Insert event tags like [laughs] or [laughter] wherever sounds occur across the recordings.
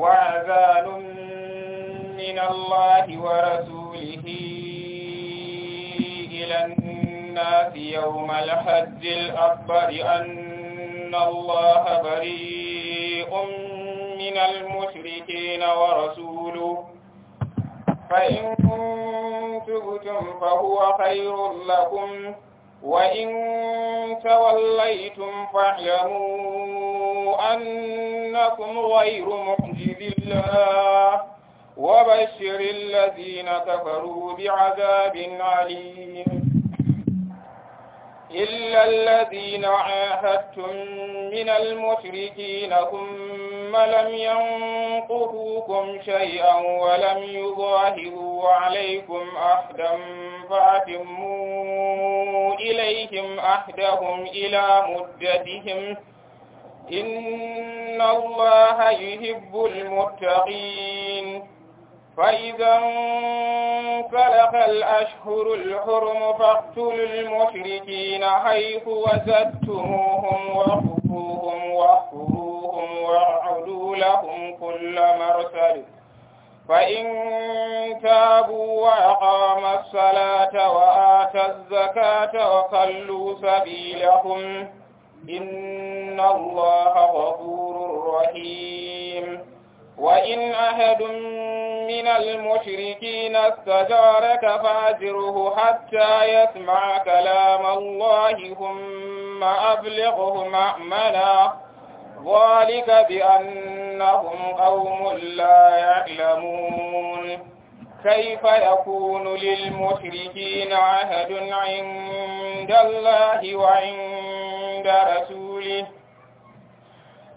وعذاب من الله ورسوله إلى الناس يوم الحج الأكبر أن الله بريء من المشركين ورسوله فإن تبتم فهو خير لكم وإن توليتم فاعلموا أنكم غير مؤمنين الله وبشر الذين كفروا بعذاب عليم إلا الذين عاهدتم من المشركين ثم لم ينقضوكم شيئا ولم يظاهروا عليكم أحدا فأتموا إليهم أحدهم إلى مدتهم ۖ إن الله يحب المتقين فإذا انفلق الأشهر الحرم فاقتلوا المشركين حيث وجدتموهم وخفوهم واحفروهم واعدوا لهم كل مرسل فإن تابوا وأقام الصلاة وآت الزكاة وخلوا سبيلهم إن الله غفور رحيم وإن أحد من المشركين استجارك فاجره حتى يسمع كلام الله ثم أبلغه مأمنا ذلك بأنهم قوم لا يعلمون كيف يكون للمشركين عهد عند الله وعند عند رسوله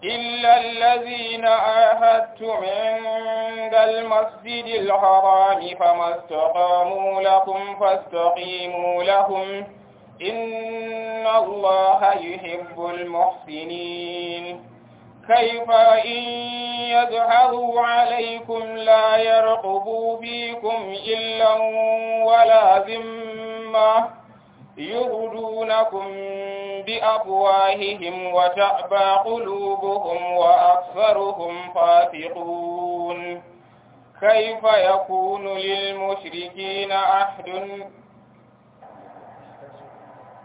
إلا الذين عاهدتم عند المسجد الحرام فما استقاموا لكم فاستقيموا لهم إن الله يحب المحسنين كيف إن يظهروا عليكم لا يرقبوا فيكم إلا ولا ذمة يغدونكم بأفواههم وتأبى قلوبهم وأكثرهم فاسقون كيف يكون للمشركين عهد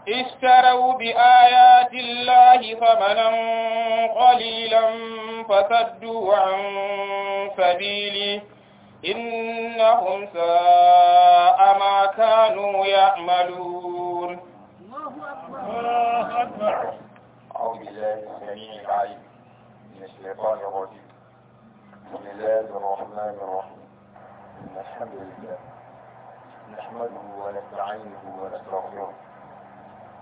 اشتروا بآيات الله ثمنا قليلا فسدوا عن سبيله إنهم ساء ما كانوا يعملون بالله السميع العليم من الشيطان الرجيم بسم الله الرحمن الرحيم إن الحمد لله نحمده ونستعينه ونستغفره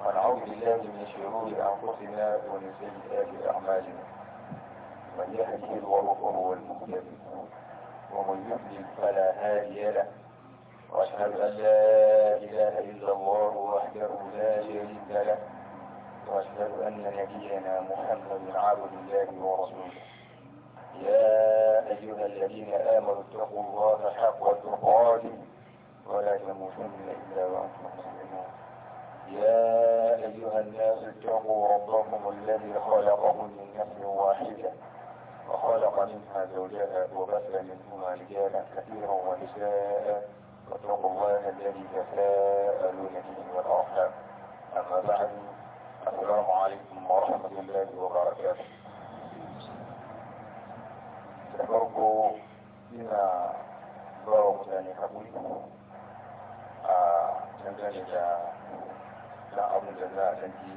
ونعوذ بالله من شرور أنفسنا ومن سيئات أعمالنا من يهده الله فهو المهتد ومن يضلل فلا هادي له واشهد ان لا اله الا الله وحده لا شريك له وأشهد أن نبينا محمد عبد الله ورسوله يا أيها الذين آمنوا اتقوا الله حق تقاته ولا تموتن إلا وأنتم مسلمون يا أيها الناس اتقوا ربكم الذي خلقكم من نفس واحدة وخلق منها زوجها وبث منهما رجالا كثيرا ونساء واتقوا الله الذي تساءلون به والأرحام أما بعد السلام عليكم ورحمة الله وبركاته da farko ina bawa wa mutane haƙuri a dangane da ɗan abin da za a canji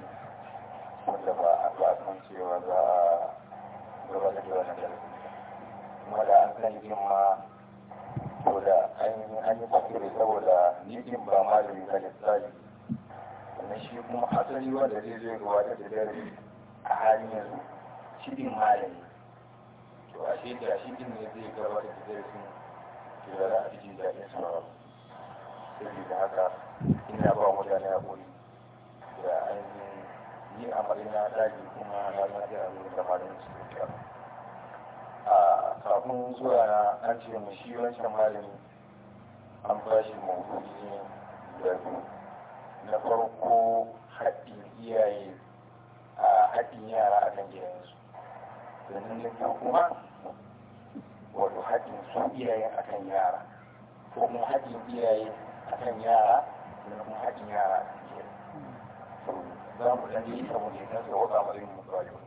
wanda ba a ba san cewa za a kuma da an san ma da an yi saboda ba sannan shi kuma asali wanda zai zo ya gabatar da dare a halin yanzu shi din malami to a shi da shi din ne zai gaba da darasin to da za a fi jin daɗin sanarwa saboda haka ina ba mu a haƙuri da ainihin ni a marina daji kuma na zafi a wurin da malin su kyau a kafin zuwa na an ce mu shi wancan malami an bashi mawuyi ne da kuma na farko haɗin iyaye a haɗin yara a kan gidansu domin na kuma wato haɗin su iyayen a kan yara ko kuma haɗin iyaye a kan yara da kuma haɗin yara a kan gidansu za mu ɗan yi samun ne su da wata wani mu ba yau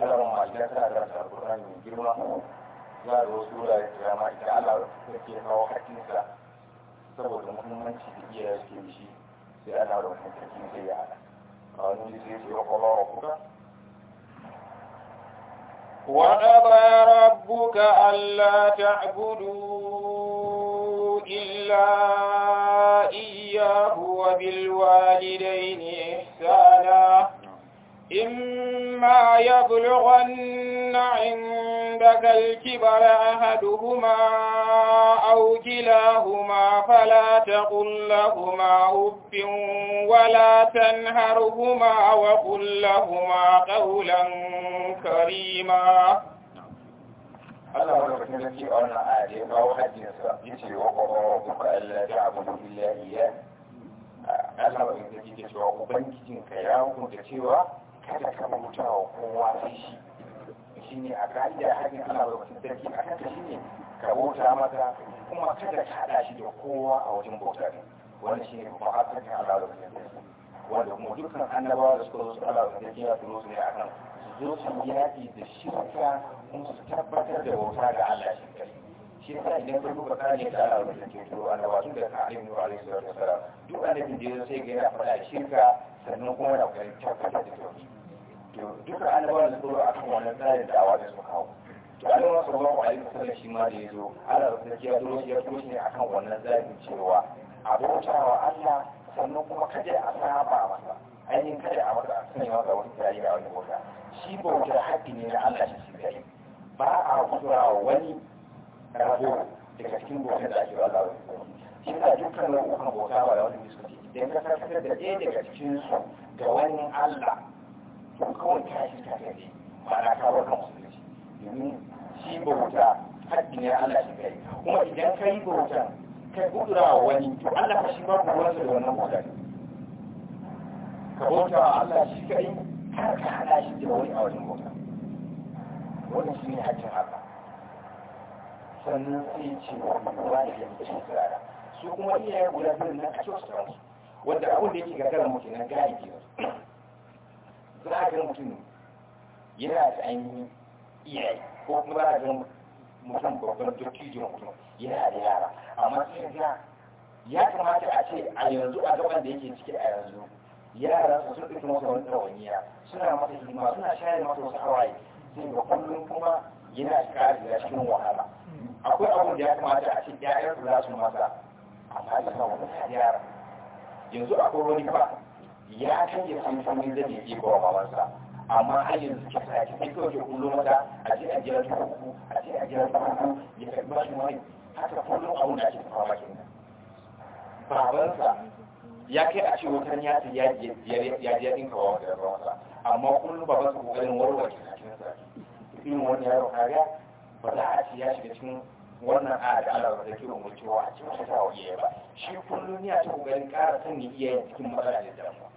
Allah ma idan ka da alƙur'ani mai girma za a zo sura da kiyama idan Allah ya ke kawo haƙƙinsa saboda muhimmanci da iyaye ke shi لأن على الله سيئة قالوا لسيسي وقضى ربك وقضى ربك ألا تعبدوا إلا إياه وبالوالدين إحسانا إما يبلغن عندك الكبر أحدهما أو كلاهما فلا تقل لهما أف ولا تنهرهما وقل لهما قولا كريما Allah wa rabbin da ke wannan aje ba wa hajjinsa yace wa qawmuka alla ta'budu illa iyyah Allah wa rabbin da ke ubangijinka ya hukunta cewa kada ka bauta wa kowa sai shi shi ne a ka'idar hanyar Allah da wasu sarki a kanka shi ne ka bauta masa kuma kada ka haɗa shi da kowa a wajen bauta ne wannan shi ne ba a sarki Allah da wasu wanda kuma dukkan annabawa da suka zo su Allah da wasu sarki ya su ne a kan su zo su yaƙi da shirka kuma su tabbatar da bauta ga Allah shi kai shi yasa idan ka duba kare da Allah da sarki turo annabawa tun da ka alimu alaihi salatu wasalam duk annabin da ya sai ga yana faɗa shirka sannan kuma yana ƙoƙarin tabbatar da tauhid duka annabawa da suka akan wannan tsarin da awa da kawo, kawo annabawa sallallahu alaihi wasallam shi ma da yazo Allah da ya duro shi ya duro shi akan wannan tsarin cewa a bautawa Allah sannan kuma kada a saba masa ainihin kada a masa sanyawa masa wani tsayi a wani wuta shi bauta haƙƙi ne na Allah shi kai ba a kura wani rabo daga cikin bautar da ake wa Allah shi na dukkan nau'ukan bauta ba da wani suke idan ka karkatar da ɗaya daga cikinsu ga wani Allah sun kawai tashi ta kaji ba na kawo kan musulunci domin shi bauta haddin ya Allah shi kai kuma idan ka yi bautan kai gudura wa wani to Allah ka shi ba ku wani da wannan bautan ka bauta wa Allah shi kai har ka hada shi da wani a wajen bautan wannan shi ne haddin haka sannan sai ce wa ba da yanzu shi tsirara su kuma iyaye guda biyun nan a cikin wanda abin da yake gagarin mutum na gaya ke ba mutum yana da ainihin iyaye ko kuma ba a kira mutum babban dattijo mutum yana da yara amma sai ga ya kamata a ce a yanzu a gaban da yake ciki a yanzu yara su sun ɗauki masa wani ɗawainiya suna masa hidima suna shayar masa wasu hawaye sai ga kullum kuma yana ƙara da cikin wahala akwai abu da ya kamata a ce ƴaƴansu za su masa amma ya sa yara yanzu akwai wani ba ya canje kamfanin da bai iko wa mamansa amma har yanzu ke sa ki sai kawai kullum wata a ce a gidan uku a ce a gidan uku ya karbi shi wani haka kullum abun da ake fama kin nan babansa ya kai a ce wutan ya ce ya ya ya dinka wa wata ruwansa amma kullum babansa kokarin warware kakinsa irin wani yaro kariya ba za a ce ya shiga cikin wannan a da Allah da ke umurcewa a cikin wata waje ba shi kullum ya ta kokarin ƙara sanya iyayen cikin matsala da damuwa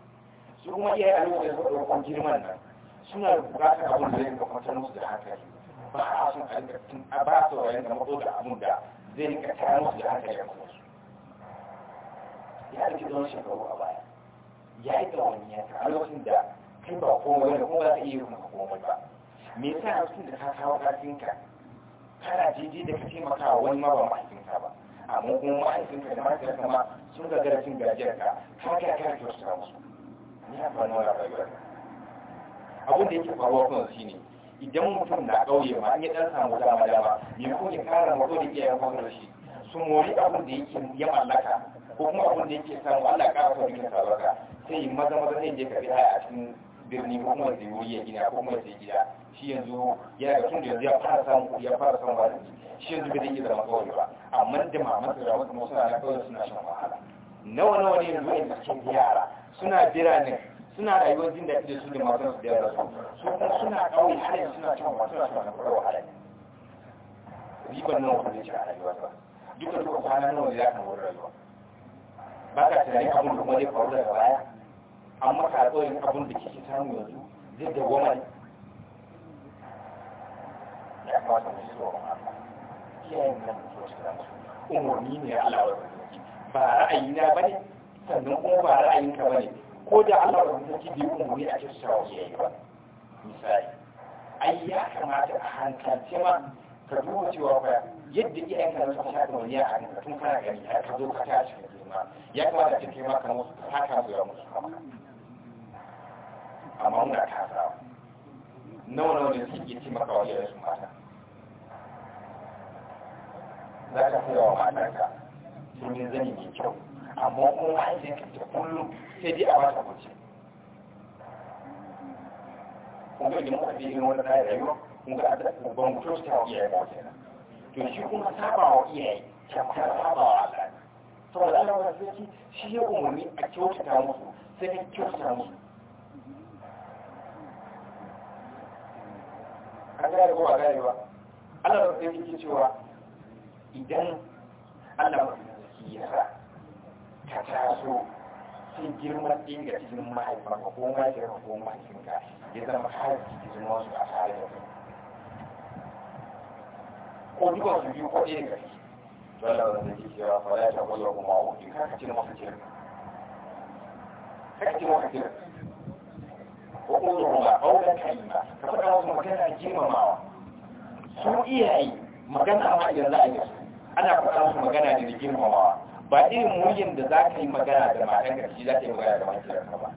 su kuma iyaye a lokacin da ɗaukon girman nan suna bukatar abin da zai ga kwatar musu da hankali ba a sun a tun a ba su wayan da mako da abin da zai rika kayan musu da hankali a kuma su ya rike don shekaru a baya ya yi da wani yanka a lokacin da kai ba komai da kuma za iya yi maka komai ba me yasa a lokacin da ka kawo kafinka kana jiji da ka taimaka wani ma ba mahaifinka ba amma kuma mahaifinka da mahaifinka ma sun gagara cin gajiyarka ka kai ka kyautar musu ni abin da yake faruwa kuma shi ne idan mutum na ƙauye ma an ɗan samu dama dama ne ko ya kara mato da iyayen kwanar shi su mori abin da yake ya mallaka ko kuma abin da yake samu allah ƙara kwa jikin sabarka sai maza maza zai je karɓi haya a cikin birni ko kuma zai wuri ya gina ko kuma zai gida shi yanzu yana ga tun da yanzu ya fara samun kuɗi ya fara samun wani shi yanzu bai zai iya zama kawai ba amma da mamansa da wasu masu na kawai suna shan wahala nawa nawa ne yanzu yanzu cikin yara suna birane suna rayuwar jin daɗi da su da matan su da yara su kuma suna ɗauki halin suna cin wasu suna na kwarwa halin ribar nan wani jira a rayuwa ba duka duka kwana nan wani ya ka rayuwa ba ka tunanin abin da kuma faru daga baya amma ka tsoyin abin da kike samu yanzu zai goma ne ya kamata mai ji tsoron Allah kiyayen nan da su da mutu umarni ne ya wa ba ra'ayi na bane sannan kuma ba ra'ayinka ba ne ko da Allah ba ta cibi umarni a cikin shawarci ya yi ba misali ai ya kamata a hankalce ma ka duba cewa ba yadda iyayenka na suka shaɗa wani a hannunka tun kana gani har ka zo ka tashi ka girma ya kamata ka kai maka musu ka haka zuwa musu kama amma muna kasawa nawa nawa ne suke ci maka wa iyayen su mata za ka fi wa matarka sun zani mai kyau amma kuma mahaifiyarta ta kullum sai dai a ba ta mace kun ga da fi irin wannan rayuwa kun ga da ban tó tosta wa iyaye ba náà. to ṣe kuma saba wa iyaye yẹ saba wa shi a kyautata musu sai ka kyautata musu an gane ko ba ba wa ke cewa idan Allah ya sa ka taso sai girma ɗin ga cikin mahaifanka ko mahaifinka ko mahaifinka ya zama har cikin wasu a tare da ko duka su biyu ko ɗaya gari dole wanda zai cewa fa ya ta kwallo kuma a wuce kaka cire masa cire kaka cire masa cire ko ko zuwa ba ba ko da yi ba ka faɗa wasu magana girmamawa su iyaye magana ma idan za a yi ana faɗa wasu magana da girmamawa ba irin muryin da za ka yi magana da matan ka shi za ka yi magana da matan ba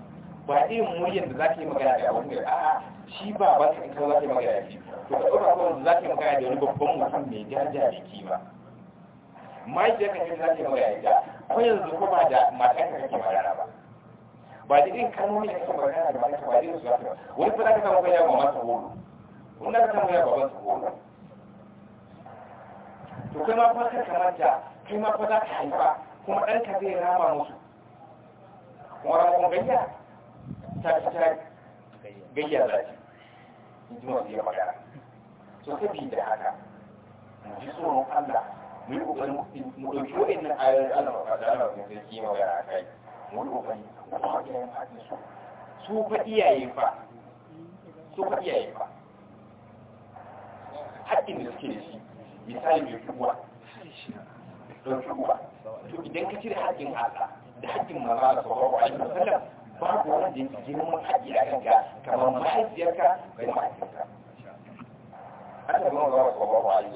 ba irin muryin da za ka yi magana da abun da a shi ba ba ka kai za ka yi magana da shi to ka ɗora kawai za ka yi magana da wani babban mutum mai daraja da kima mahaifiyar ka ce za ka yi magana da ko yanzu ko ba da matan ka kake magana ba ba da irin kalmomin da kake magana da matan ka ba irin su za ka wani fara ka samu kai ya ba masa horo wani za ka samu ya ba masa horo to kai ma fa ka kamata kai ma fa za ka haifa kuma ɗanka zai rama musu wara kuma gayya ta ci ta gayya za ci in ji masu yi magana so da haka mu ji tsoron Allah mu yi ƙoƙarin mu ɗauki wa'annan ayoyin Allah ba da Allah ba sai kima bayar a kai mu yi ƙoƙari mu ba iyayen haɗin su su ba iyaye fa su ba iyaye fa haƙƙin da suke da shi misali mai kuwa don kuwa to idan ka cire haƙƙin da haƙƙin manzo sallallahu alaihi wasallam babu wanda yake girman haƙƙi a kanka kamar mahaifiyarka da mahaifinka Allah zama manzo sallallahu wani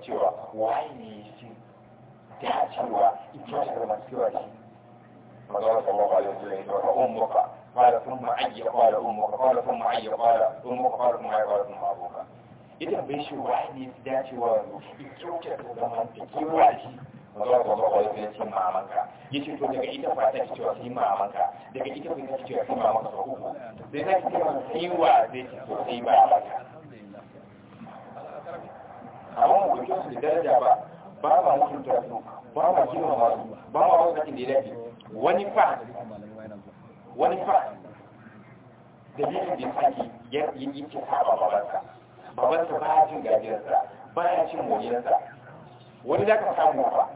cewa ne shi ta cewa ita ce masu قال ثم عي قال أمك قال ثم عي قال أمك قال ثم عي قال ثم أبوك إذا bai shi wahani da cewa kyauta da zaman da kewa shi mazawar ba zaɓa yau ce mamanka ya ce to daga ita ba ta ci cewa ita ba ta ba cewa ba da ba. ba ba ba ba Ba wani fa wani fa dalilin da yake yin yake saba babansa babansa ba ya cin gajiyarsa ba ya cin moriyarsa wani za ka samu ba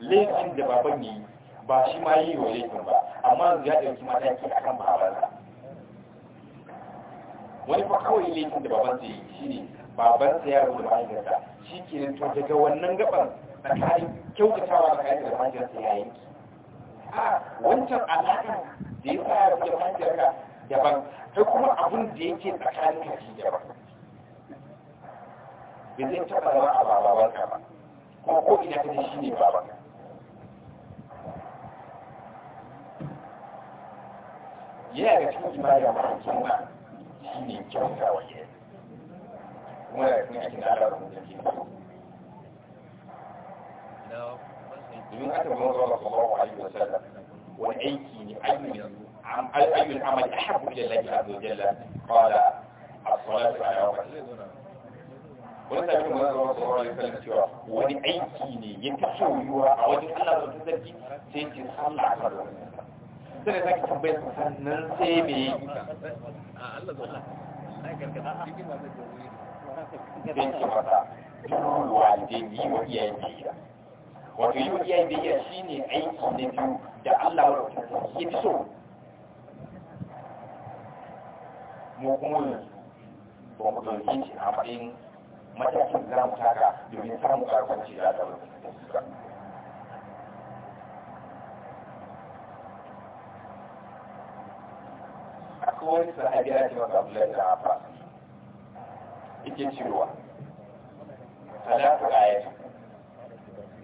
laifin da baban ne ba shi ma yi wa laifin ba amma ya ɗauki mataki a kan babansa wani fa kawai laifin da babansa yi shi ne babansa ya rubuta mahaifinsa shi ke to daga wannan gaban tsakanin kyautatawa da kayan da mahaifinsa ya yanki a wancan alaƙa da ya fara da mahaifiyarka daban ta kuma abin da yake tsakanin ka shi daban bai zai taɓa zama a bababanka ba kuma ko ina ka shi ne babanka yana da cikin ibada mara kyauta shi ne kyauta wa iyaye kuma da cikin aikin Allah da mutum ke domin aka bin zuwa sallallahu alaihi Sallam. وأيكي لعلم أي العمل أحب إلى الله عز وجل قال الصلاة على وقتها wanda bin wani zama tsoron alisalin cewa wani aiki ne ya fi soyuwa a wajen allah da wata zarki sai ce sallah a faruwa sai da sake tambayar sannan sai me sai ce mata duk wanda yi wa iyayen jira wato yi e iya biyayya e shi ne aiki na biyu da Allah wa ya fi so mu kuma yanzu ba mu ɗauki shi a matsayin matakin za mu taka domin samun ƙarfanci da Allah wa akwai wani sahabi ya ce masa Abdullahi da Abbas yake cewa salatu ayatu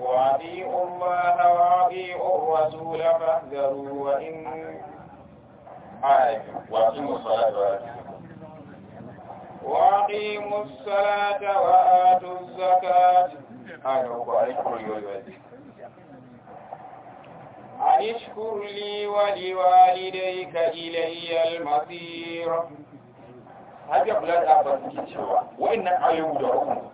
وأطيعوا الله وأطيعوا الرسول فاحذروا وإن وأقيموا الصلاة وأقيموا الصلاة وآتوا الزكاة أن اشكر لي ولوالديك إلي المصير هذا بلاد أبا سكيتشوا وإن أيوه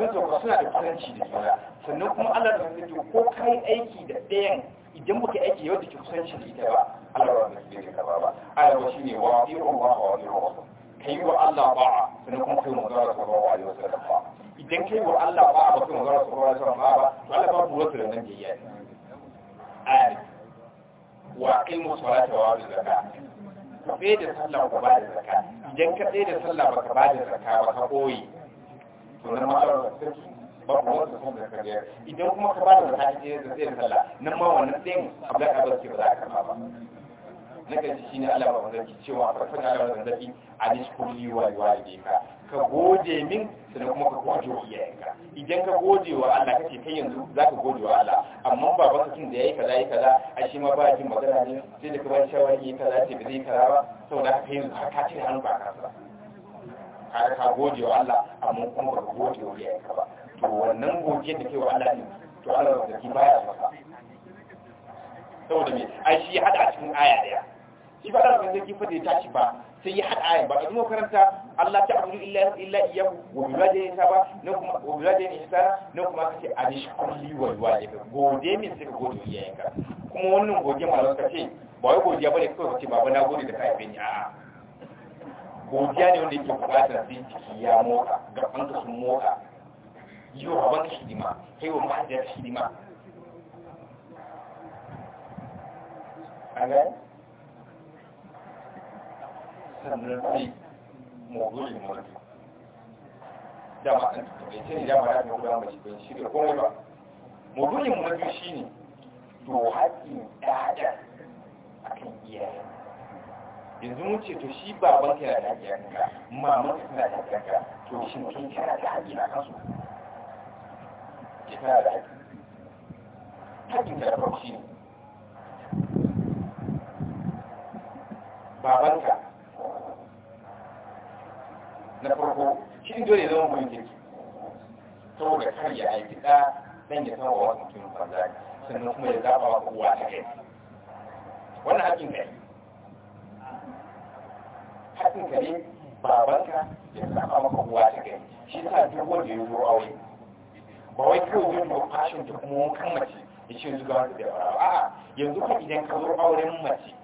sun sauka suna da kusanci da juna sannan kuma Allah da sanya ko kai aiki da ɗayan idan muka aiki yau da ke kusanci da ita ba Allah da zai da karba ba Allah ba shine wa ba wa wa ka kai wa Allah ba sannan kuma kai manzo ba wa yau wasallam ba idan kai wa Allah ba ba kai manzo Allah sallallahu wa wasallam ba to Allah ba wasu da nan da yayi ayat wa kai qimu salata wa wani zaka ka tsaye da sallah ku ba da zaka idan ka tsaye da sallah ba ka ba da zaka ba ka koyi ba idan kuma ka ba da hajji da zai misala nan ma wannan din abla ka ba ce ba za a karba ba na gaji ne alama ba zaki cewa a san alama ba zaki a nishkun yi wa yiwa walidinka ka ka goje min sannan kuma ka goje wa iyayenka idan ka goje wa Allah kace kai yanzu za ka goje wa Allah amma ba ba su da ya yi kaza yayi kaza a shi ma ba a jin magana ne sai da ka ba shawarar yi kaza ce ba zai kaza ba sau da ka yi yanzu ka ci hannu ba ka ba har ka gode wa Allah amma kuma ba gode wa iyayenka ba to wannan godiya da ke wa Allah ne to Allah da ki baya maka saboda me ai shi hada a cikin aya daya shi ba da zai kifa da ya tashi ba sai ya hada aya ba a cikin karanta Allah ta abudu illa illa iyyahu wa bi wajhihi saba na kuma wa bi wajhihi ihsana na kuma kace anishkulli wa wajhihi gode min sai ka gode iyayenka kuma wannan godiya malaika ce ba wai godiya bane kawai ce baba na gode da kai bin a'a godiya ne wanda yake bukatar sai ya mota, gaban ka sun mota, yi wa baban hidima kai wa mahaifiyar hidima a gani sannan sai mogulin mulki dama an bai ce ne dama da ta guda mace bai shirya komai ba mogulin shi ne, to haƙƙin ɗaɗar kan iyayen yanzu mun ce to shi baban ka yana da haƙƙi akan ka maman ka tana da haƙƙi akan ka to shin kai yana da haƙƙi na kansu ke kana da haƙƙi haƙƙin ka da farko shi ne baban ka na farko shi dole zama mun kirki saboda kar ya aiki ɗa dan ya san wasu mutum banza sannan kuma ya zaɓa wa kowa ta kai wannan haƙƙin ka haɗin ka ne babanka ya saba maka uwa da kai shi sa duk wanda ya zo aure ba wai kawai yin da fashin ta kuma wani kan mace ya ce yanzu gawar da yawa a'a yanzu kan idan ka zo auren mace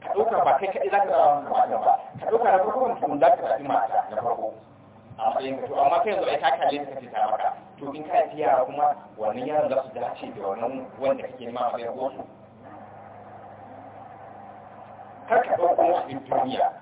ka ɗauka ba kai kaɗai za ka zama mata ba ka ɗauka na farko wani kuma za ka zaɓi mata na farko a matsayin ka to amma kai yanzu ai ka kalle ka ce ta maka to in ka fi yara kuma wannan yaran za su dace da wannan wanda kake nema a bayan wasu kar ka ɗauko wasu duniya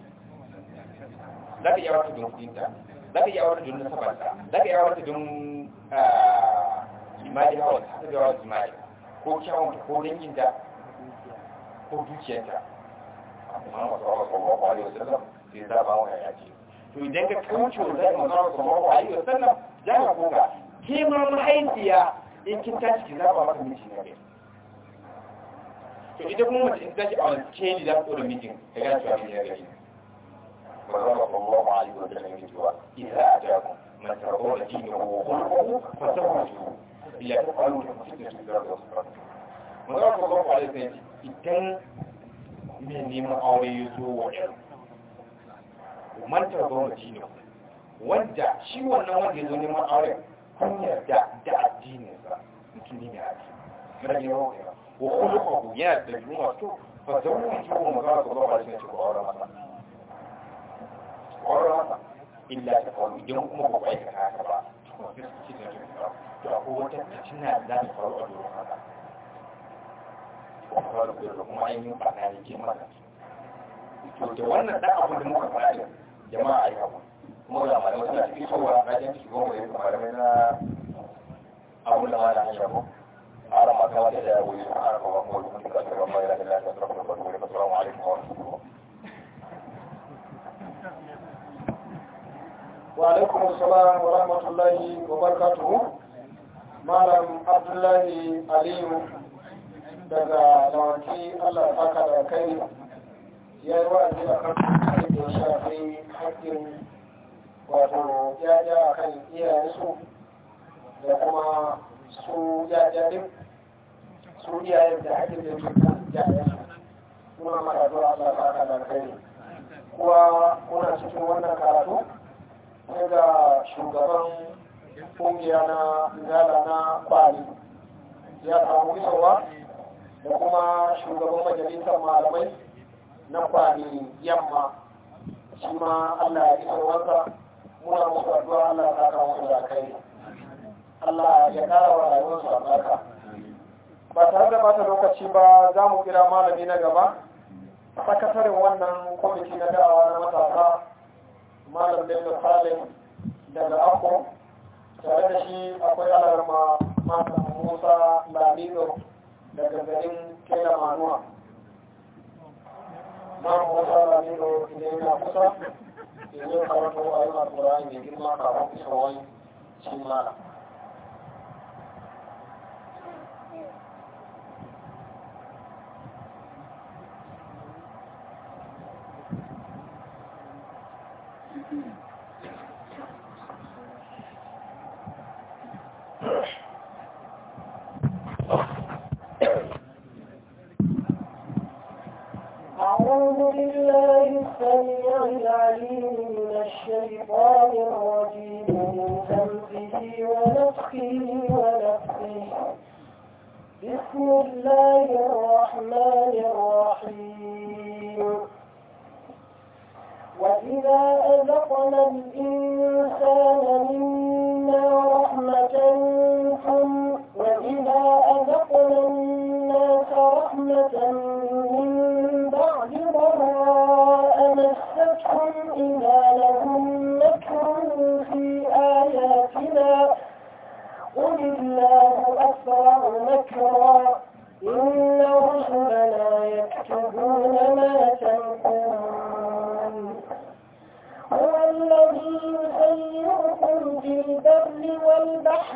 zaka iya wata don kudinta zaka iya wata don nasabarta zaka iya wata don jima'i ah, hawa ta da wata jima'i ko kyawun ko dangin da ko dukiyarta amma wasu hawa sallallahu alaihi wasallam sai zaba wa ya ce to idan ka kauce wa zai manzara sallallahu alaihi wasallam za ka koga ke ma mahaifiya in kin tashi ki zaba maka miji na gari to idan kuma mace in tashi a wani keli za ku da mijin ka gane cewa mijin ya gari manzon sallallahu alaihi wa sallam yake cewa idza atakum man tarawna dinahu wa khuluquhu fasawahu ila qalu fitnatu darajat manzon sallallahu alaihi wa sallam idan mai neman aure ya zo wa ɗan man tarawna dinahu wanda shi wannan wanda ya zo neman aure kun yarda da addininsa mutumi ne a ciki na yawan wa khuluquhu yana da yunwa to fa zawwaju manzon sallallahu alaihi wa sallam ya ce ku aure masa ƙwararra illa ta faru idan kuma ba kwai ka haka ba kuma su ci ba to akwai wata da faru a doron haka da kuma yin fana ke to da wannan da muka fara jama'a a yi kuma cikin na jan na da hanyar wa alaikum assalam wa rahmatullahi wa barakatuhu malam abdullahi aliyu daga lawanci allah haka da kai ya yi wa'azi a kan da ya shafi haƙƙin wato yaya a kan su da kuma su yaya ɗin su iyayen da haƙƙin da ke kan yayansu kuma mara zuwa allah haka da kai kuwa kuna cikin wannan karatu da shugaban kungiya na gala na kwari ya samu isowa da kuma shugaban majalisar malamai na kwari yamma shi ma allah ya isowarsa muna musu addu'a allah ya kara musu da kai allah ya kara wa rayuwarsu albarka ba tare da bata lokaci ba za mu kira malami na gaba sakatarin wannan kwamiti na da'awa na matasa malam ya salim daga ako tare da shi akwai alarma mata musa lamido daga garin kela manuwa malam musa lamido ne yana kusa yanzu karatu a yi alkurani mai girma kafin isowai cin malam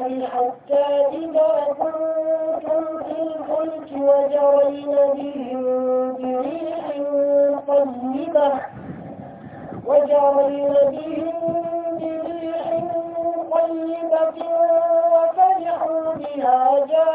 البحر حتى إذا كنتم في الفلك وجرين بهم بريح طيبة وفرحوا بها جاء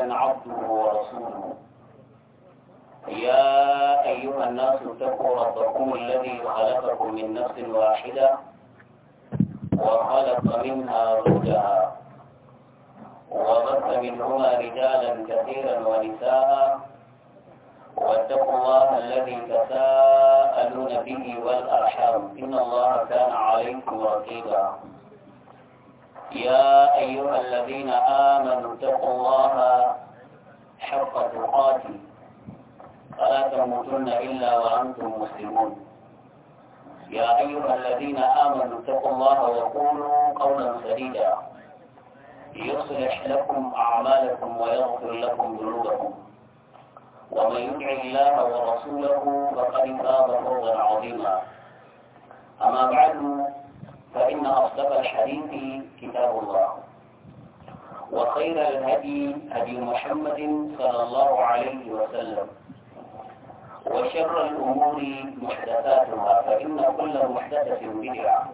عبده ورسوله يا أيها الناس اتقوا ربكم الذي خلقكم من نفس واحدة وخلق منها زوجها وبث منهما رجالا كثيرا ونساء واتقوا الله الذي تساءلون به والأرحام إن الله كان عليكم رقيبا يا أيها الذين آمنوا اتقوا الله حق تقاته فلا تموتن إلا وأنتم مسلمون يا أيها الذين آمنوا اتقوا الله وقولوا قولا سديدا يصلح لكم أعمالكم ويغفر لكم ذنوبكم ومن يطع الله ورسوله فقد فاز فوزا عظيما أما بعد فإن أصدق الحديث كتاب الله وخير الهدي هدي محمد صلى الله عليه وسلم وشر الأمور محدثاتها فإن كل محدثة بدعة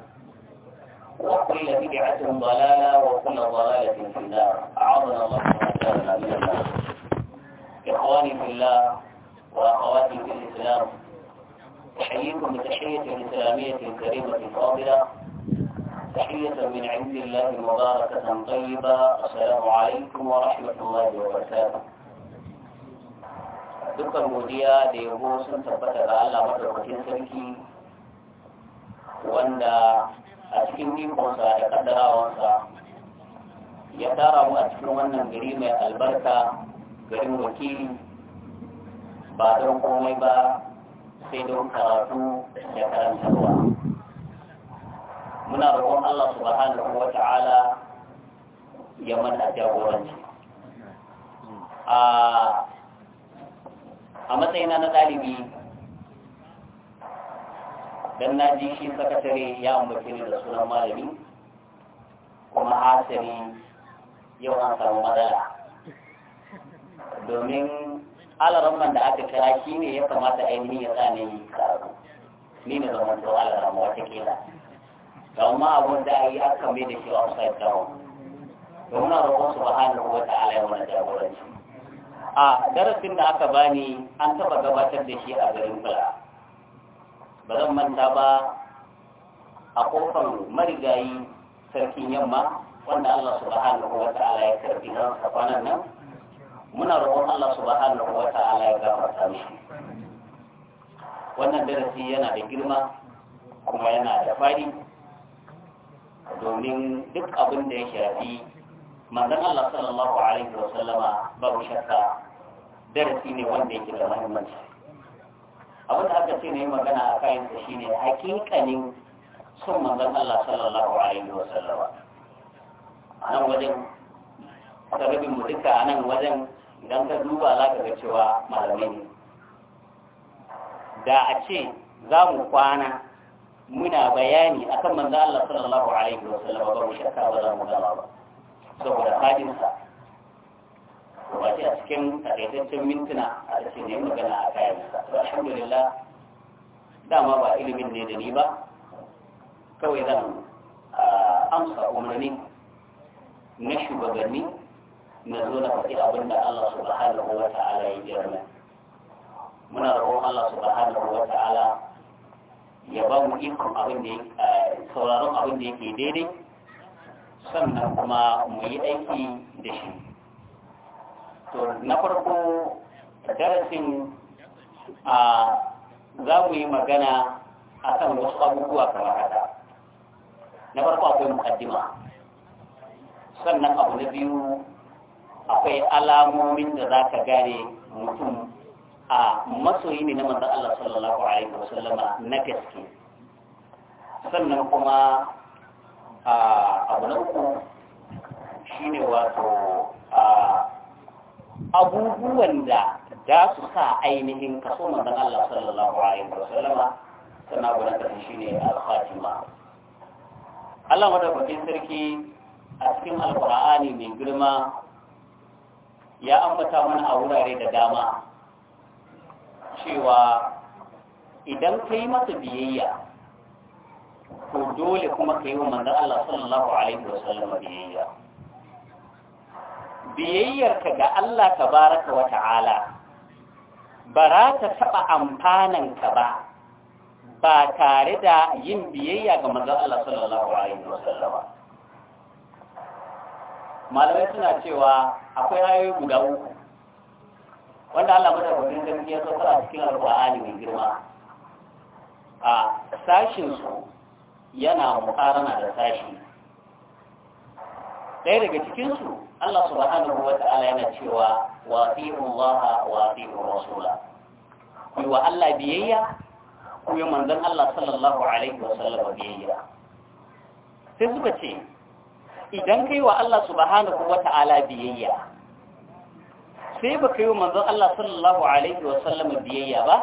وكل بدعة ضلالة وكل ضلالة في النار أعاذنا الله وأجارنا من النار إخواني في الله وأخواتي في الإسلام أحييكم بتحية إسلامية كريمة فاضلة تحية من عند الله مباركة طيبة السلام عليكم ورحمة الله وبركاته dukkan godiya da yabo sun tabbata ga Allah madaukakin sarki wanda a cikin ikonsa da kaddarawansa ya tara mu a cikin wannan gari mai albarka garin wakili ba don komai ba sai don karatu da karantarwa muna roƙon Allah subhanahu wa ta'ala ya mana jagoranci a matsayina na ɗalibi don na ji shi sakatare ya ambace da sunan malami kuma hasari yau an samu matsala domin alaramman da aka kira shi ne ya kamata ainihin ya sa ne yi ni ne zama to alaramma wata da amma abun da ayi aka mai da shi wasu down da muna roƙon subhanahu wa ta'ala ya mana jagoranci a darasin da aka bani an taba gabatar da shi a garin Bala ba zan manta ba a kofar marigayi sarkin yamma wanda Allah subhanahu wa ta'ala ya karbi nan kwanan nan muna roƙon Allah subhanahu wa ta'ala ya gafarta mishi wannan darasi yana da girma kuma yana da fadi domin duk abin da ya shafi manzan Allah sallallahu alaihi wa sallama mu shakka darasi ne wanda yake da muhimmanci abin da aka ce ne magana a kayan shi shine hakikanin son manzan Allah sallallahu alaihi wa sallama a nan wajen sarrafin mu duka a nan wajen idan ka duba za ka ga cewa malamai ne da a ce za mu kwana muna bayani a kan manzan Allah sallallahu alaihi wasallam ba mu shakka ba za mu gaba ba saboda fadinsa sa ba shi a cikin takaitaccen mintuna a cikin ne magana a kayan sa to alhamdulillah dama ba ilimin ne da ni ba kawai zan amsa umarni na shugabanni na zo na faɗi abin da Allah subhanahu wa ta'ala ya jirma muna roƙon Allah subhanahu wa ta'ala ya ba mu ikon abin da ya eh, sauraron abin da yake daidai sannan kuma mu yi aiki da shi to na farko darasin a za mu yi magana a kan wasu abubuwa kamar haka na farko akwai mukaddima sannan abu na biyu akwai alamomin da za ka gane mutum a masoyi ne na manzan Allah sallallahu Alaihi wasallama na gaske sannan kuma a abu na uku shi ne wato abubuwan da za su sa ainihin kaso manzan Allah sallallahu Alaihi wasallama Sannan abu na ƙarfi shi ne alfatima Allah madaukakin sarki a cikin alfa'ani mai girma ya ambata mana a wurare da dama cewa idan ka yi masa biyayya to dole kuma ka yi wa manzan Allah sallallahu Alaihi wasallam biyayya biyayyarka ga Allah ta baraka wa ta'ala ba za ta taɓa amfananka ba ba tare da yin biyayya ga manzan Allah sallallahu Alaihi wasallam malamai suna cewa akwai ayoyi guda uku wanda Allah madaukakin sarki ya saukar a cikin alƙur'ani mai girma a sashin su yana mukarana da sashi ɗaya daga cikin su Allah subhanahu wa ta'ala yana cewa wa fi'un Allah wa fi'un rasula ku wa Allah biyayya ku yi manzon Allah sallallahu alaihi wa sallam biyayya sai suka ce idan kai wa Allah subhanahu wa ta'ala biyayya sai baka yi manzon Allah sallallahu alaihi wa sallam biyayya ba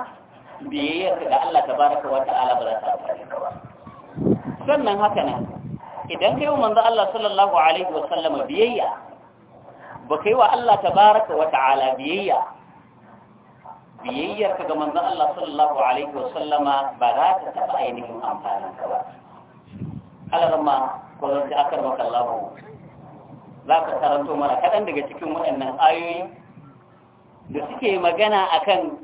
biyayya ga Allah tabaraka wa ta'ala ba za ta amfani ka ba sannan haka nan idan kai manzon Allah sallallahu alaihi wa sallam biyayya baka yi wa Allah tabaraka wa ta'ala biyayya biyayyar ga manzon Allah sallallahu alaihi wa sallama ba za ta taba ainihin amfanin ka ba alarma ko zan ji za ka karanto mana kaɗan daga cikin waɗannan ayoyi da suke magana akan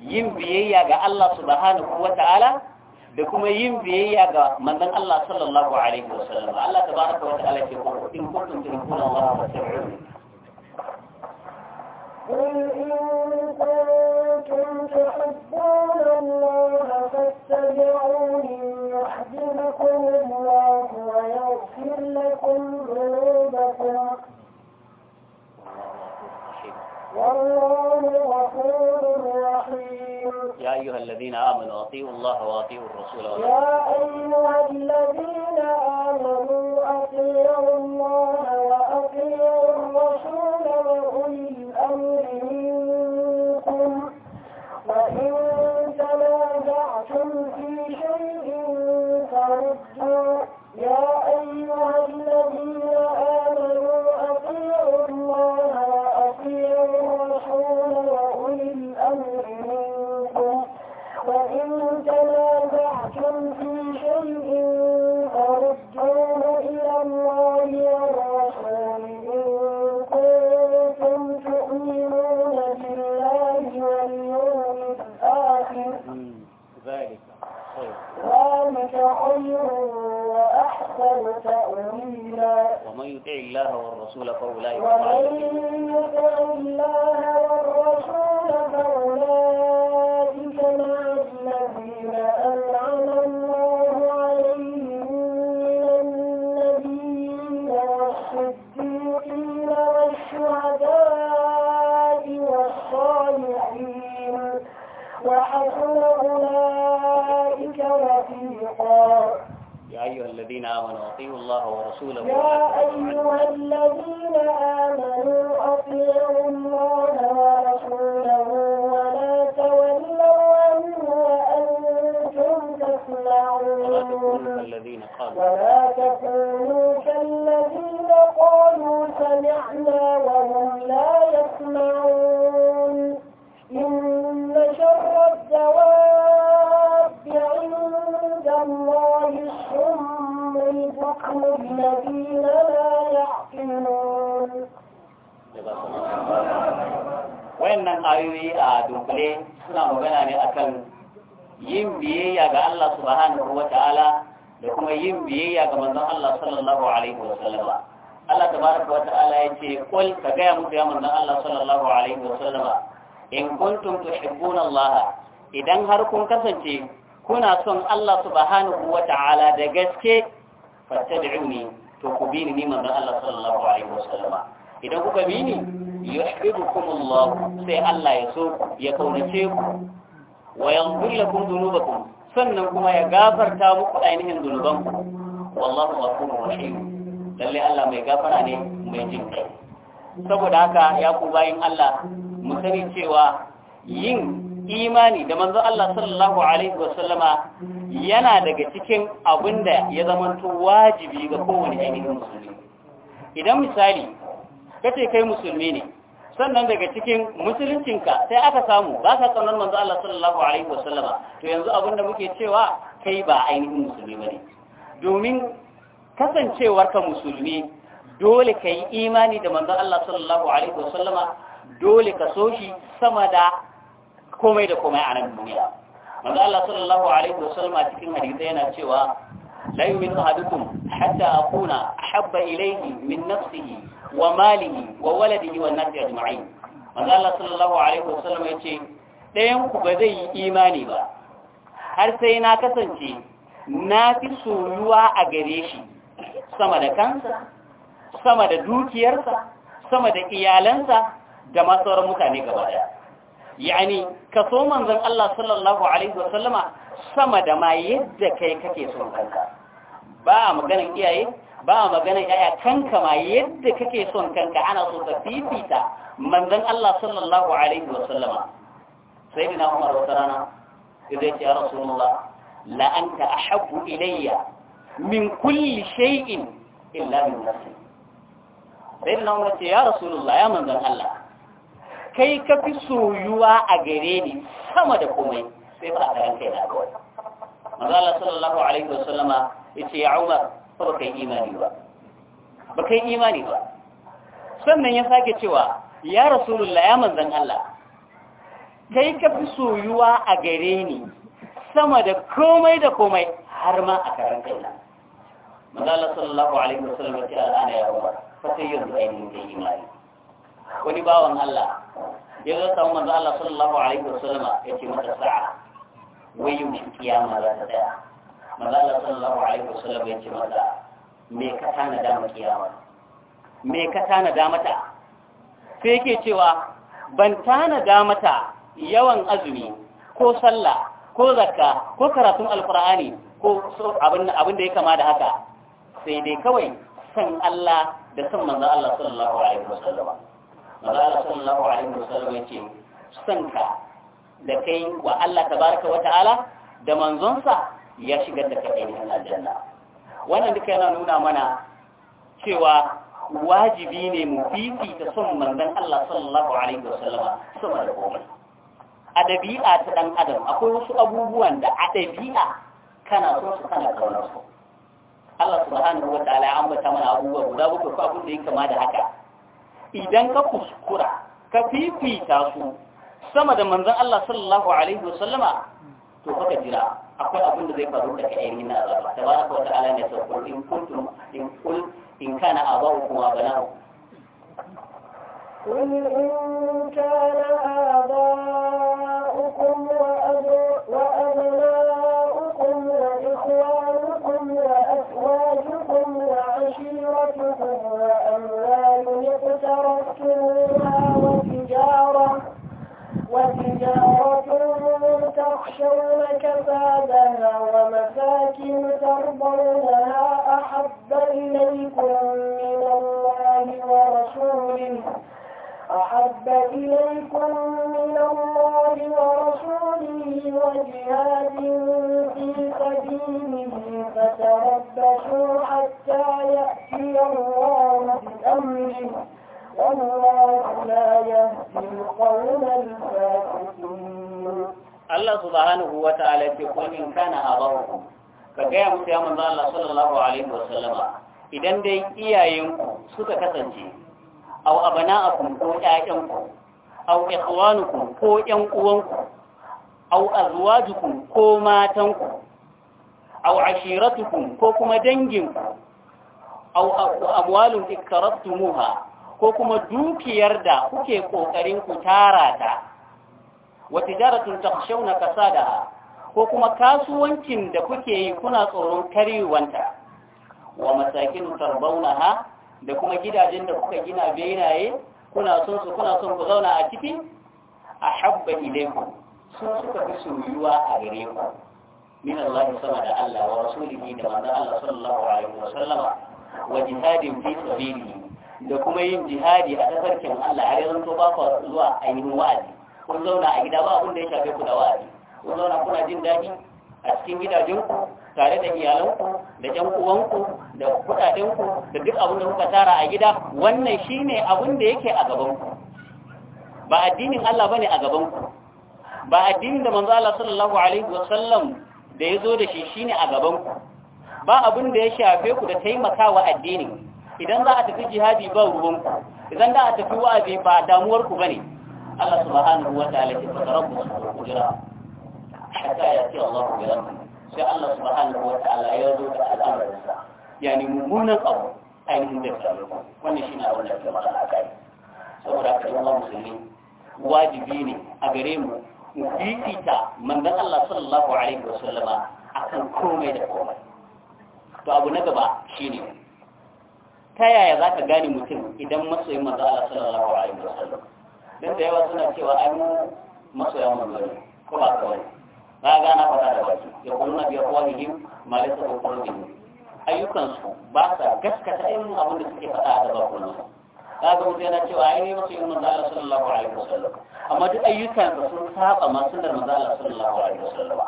yin biyayya ga Allah subhanahu wata'ala da kuma yin biyayya ga manzon Allah sallallahu alaihi wasallam Allah tabaraka wa ta'ala ke ko in da tuhibbuna Allah wa tabi'un قل إن كنتم غفور رحيم يا أيها الذين آمنوا أطيعوا الله وأطيعوا الرسول يا أيها الذين آمنوا أطيعوا الله وأطيعوا الرسول وأولي الأمر منكم وإن تنازعتم في شيء فردوا يا أيها الذين آمنوا الله والرسول إن كنتم تؤمنون بالله واليوم الآخر ذلك وأحسن تأويلا ومن يطع الله والرسول فأولئك ومن يطع الله والرسول فأولئك يا أيها الذين آمنوا أطيعوا الله ورسوله يا أيها الذين آمنوا أطيعوا الله ورسوله ولا تولوا عنه وأنتم تسمعون ولا تكونوا كالذين قالوا سمعنا وهم لا يسمعون إن شر الدواب wayannan ayoyi a dunkule suna magana ne akan yin biyayya ga Allah subhanahu wata'ala da kuma yin biyayya ga manzon Allah sallallahu alaihi wasallam Allah tabaraka wata'ala kul ka ga mu ya manzon Allah sallallahu alaihi wasallam in kuntum tuhibbuna Allah idan har kun kasance kuna son Allah subhanahu wata'ala da gaske fattabi'uni to ku bi ni ni manzon Allah sallallahu alaihi wasallam idan kuka bi ni yuhibbukumullah sai Allah ya so ya kaunace ku wa yaghfir lakum dhunubakum sannan kuma ya gafarta muku ainihin dhunubanku wallahu ghafurur rahim lalle Allah mai gafara ne mai jin kai saboda haka ya ku Allah mu sani cewa yin imani da manzon Allah sallallahu alaihi wasallama yana daga cikin abinda ya zamanto wajibi ga kowane ainihin musulmi idan misali kace kai musulmi ne sannan daga cikin musuluncinka sai aka samu ba ka tsanan manzo Allah sallallahu alaihi wasallama to yanzu abinda muke cewa kai ba ainihin musulmi bane domin kasancewarka musulmi dole ka yi imani da manzo Allah sallallahu alaihi wasallama dole ka so shi sama da komai da komai a nan duniya manzo Allah sallallahu alaihi wasallam a cikin hadisi yana cewa la yu'minu ahadukum hatta akuna ahabba ilayhi min nafsihi wa malihi wa waladihi wa nasi ajma'in manzo Allah sallallahu alaihi wasallam yace ɗayan ku ba zai yi imani ba har sai na kasance na fi soyuwa a gare shi sama da kansa sama da dukiyarsa sama da iyalansa da masauran mutane gaba daya yani ka so manzon Allah sallallahu alaihi wasallama sama da ma yadda kai kake son kanka ba maganin iyaye ba maganan yaya kanka ma yadda kake son kanka ana so ka fifita manzon Allah sallallahu alaihi wasallama sayyidina Umar rana idan ya rasulullah la anta ahabbu ilayya min kulli shay'in illa min nafsi sayyidina Umar ce ya rasulullah ya manzon Allah kai ka fi soyuwa a gare ni sama da komai sai ba a ɗaran kai na kawai mazala sallallahu alaihi wasallama ya ce ya umar ba kai imani ba ba kai imani ba sannan ya sake cewa ya rasulullah ya manzan Allah kai ka fi soyuwa a gare ni sama da komai da komai har ma a karan na. mazala sallallahu alaihi wasallama ya ce al'ana ya umar fa sai yanzu ainihin kai imani wani bawan Allah ya zo samu manzo Allah sallallahu alaihi wasallam ya ce mata sa'a wai yau shi kiyama za ta daya manzo Allah sallallahu alaihi wasallam ya ce mata me ka tana da kiyama me ka tana da mata sai yake cewa ban tana da mata yawan azumi ko sallah ko zakka ko karatun alqur'ani ko abin abin da ya kama da haka sai dai kawai san Allah da san manzo Allah sallallahu alaihi wasallam malala sallallahu alaihi wasallam yace ce. ka da kai wa Allah tabaraka wa ta'ala da manzonsa ya shigar da kai ne cikin aljanna wannan duka yana nuna mana cewa wajibi ne mu fifita son manzon Allah sallallahu alaihi wasallam sama da komai a dabi'a ta dan adam akwai wasu abubuwan da a dabi'a kana son su kana kaunar su Allah subhanahu wa ta'ala ya ambata mana abubuwa guda bakwai ko abin da ya kama da haka idan ka kuskura ka fifita su sama da manzan Allah sallallahu alaihi wasallama to ka jira akwai abin da zai faru da kai na ba tabaraka wa ta'ala ne sauko in kuntum in kun in kana aba'ukum wa bana'ukum قل na كان قوم تخشون كفادها ومساكن ترضونها أحب إليكم من الله ورسوله أحب إليكم من الله ورسوله وجهاد في سبيله فتربصوا حتى يأتي الله بأمره والله لا يهدي القوم الفاسقين Allah subhanahu wa ta'ala ce kun in kana abawu ka gaya musu ya manzo Allah sallallahu alaihi wa sallama idan dai iyayenku suka kasance aw abana'akum ko ƴaƴanku aw ikhwanukum ko ƴan uwanku aw azwajukum ko matanku aw ashiratukum ko kuma danginku aw amwalun iktarabtumuha ko kuma dukiyar da kuke kokarin ku tara ta wa tijaratun takhshawna kasadaha ko kuma kasuwancin da kuke yi kuna tsoron karyewanta wa masakin tarbaunaha da kuma gidajen da kuka gina benaye kuna son su kuna son ku zauna a ciki a habba ilaiku sun suka fi soyuwa a gare ku min Allah sama da Allah wa rasulihi da manzo Allah sallallahu alaihi wa sallama wa jihadin fi sabilihi da kuma yin jihadi a tafarkin Allah har yanzu ba ku zuwa ainihin wa'azi kun zauna a gida ba abin da ya shafe ku da wa'azi kun zauna kuna jin daɗi a cikin gidajenku tare da iyalanku da ƴan uwanku da kuɗaɗenku da duk abin da kuka tara a gida wannan shine abin da yake a gabanku ba addinin Allah bane a gabanku ba addinin da manzo Allah sallallahu alaihi wasallam da yazo da shi shine a gabanku ba abin da ya shafe ku da taimakawa addinin idan za a tafi jihadi ba ruwan ku idan za a tafi wa'azi ba damuwar ku bane Allah subhanahu wa ta'ala ke rabbu ku kujira hatta ya ci Allah ku jira sai Allah subhanahu wa ta'ala ya zo da al'amarinsa yani mummunan abu ainihin da faru wannan shine abin da ke magana akai saboda haka Allah musulmi wajibi ne a gare mu mu fitita manzon Allah sallallahu alaihi wasallama akan komai da komai to abu na gaba shine ta yaya za ka gane mutum idan masoyin manzo Allah sallallahu alaihi wasallam don da yawa suna cewa ai mu masoyan manzo ne ko ba ka wani ba a gana fata da baki ya kuma biya kowa ma laysa bi qawlihim ayyukan ayyukansu ba sa gaskata irin abin da suke faɗa da bakunan su ba ga mutum yana cewa ai maza masoyin manzo Allah sallallahu alaihi wasallam amma duk ayyukan su sun saba maza sunnar manzo Allah sallallahu alaihi wasallam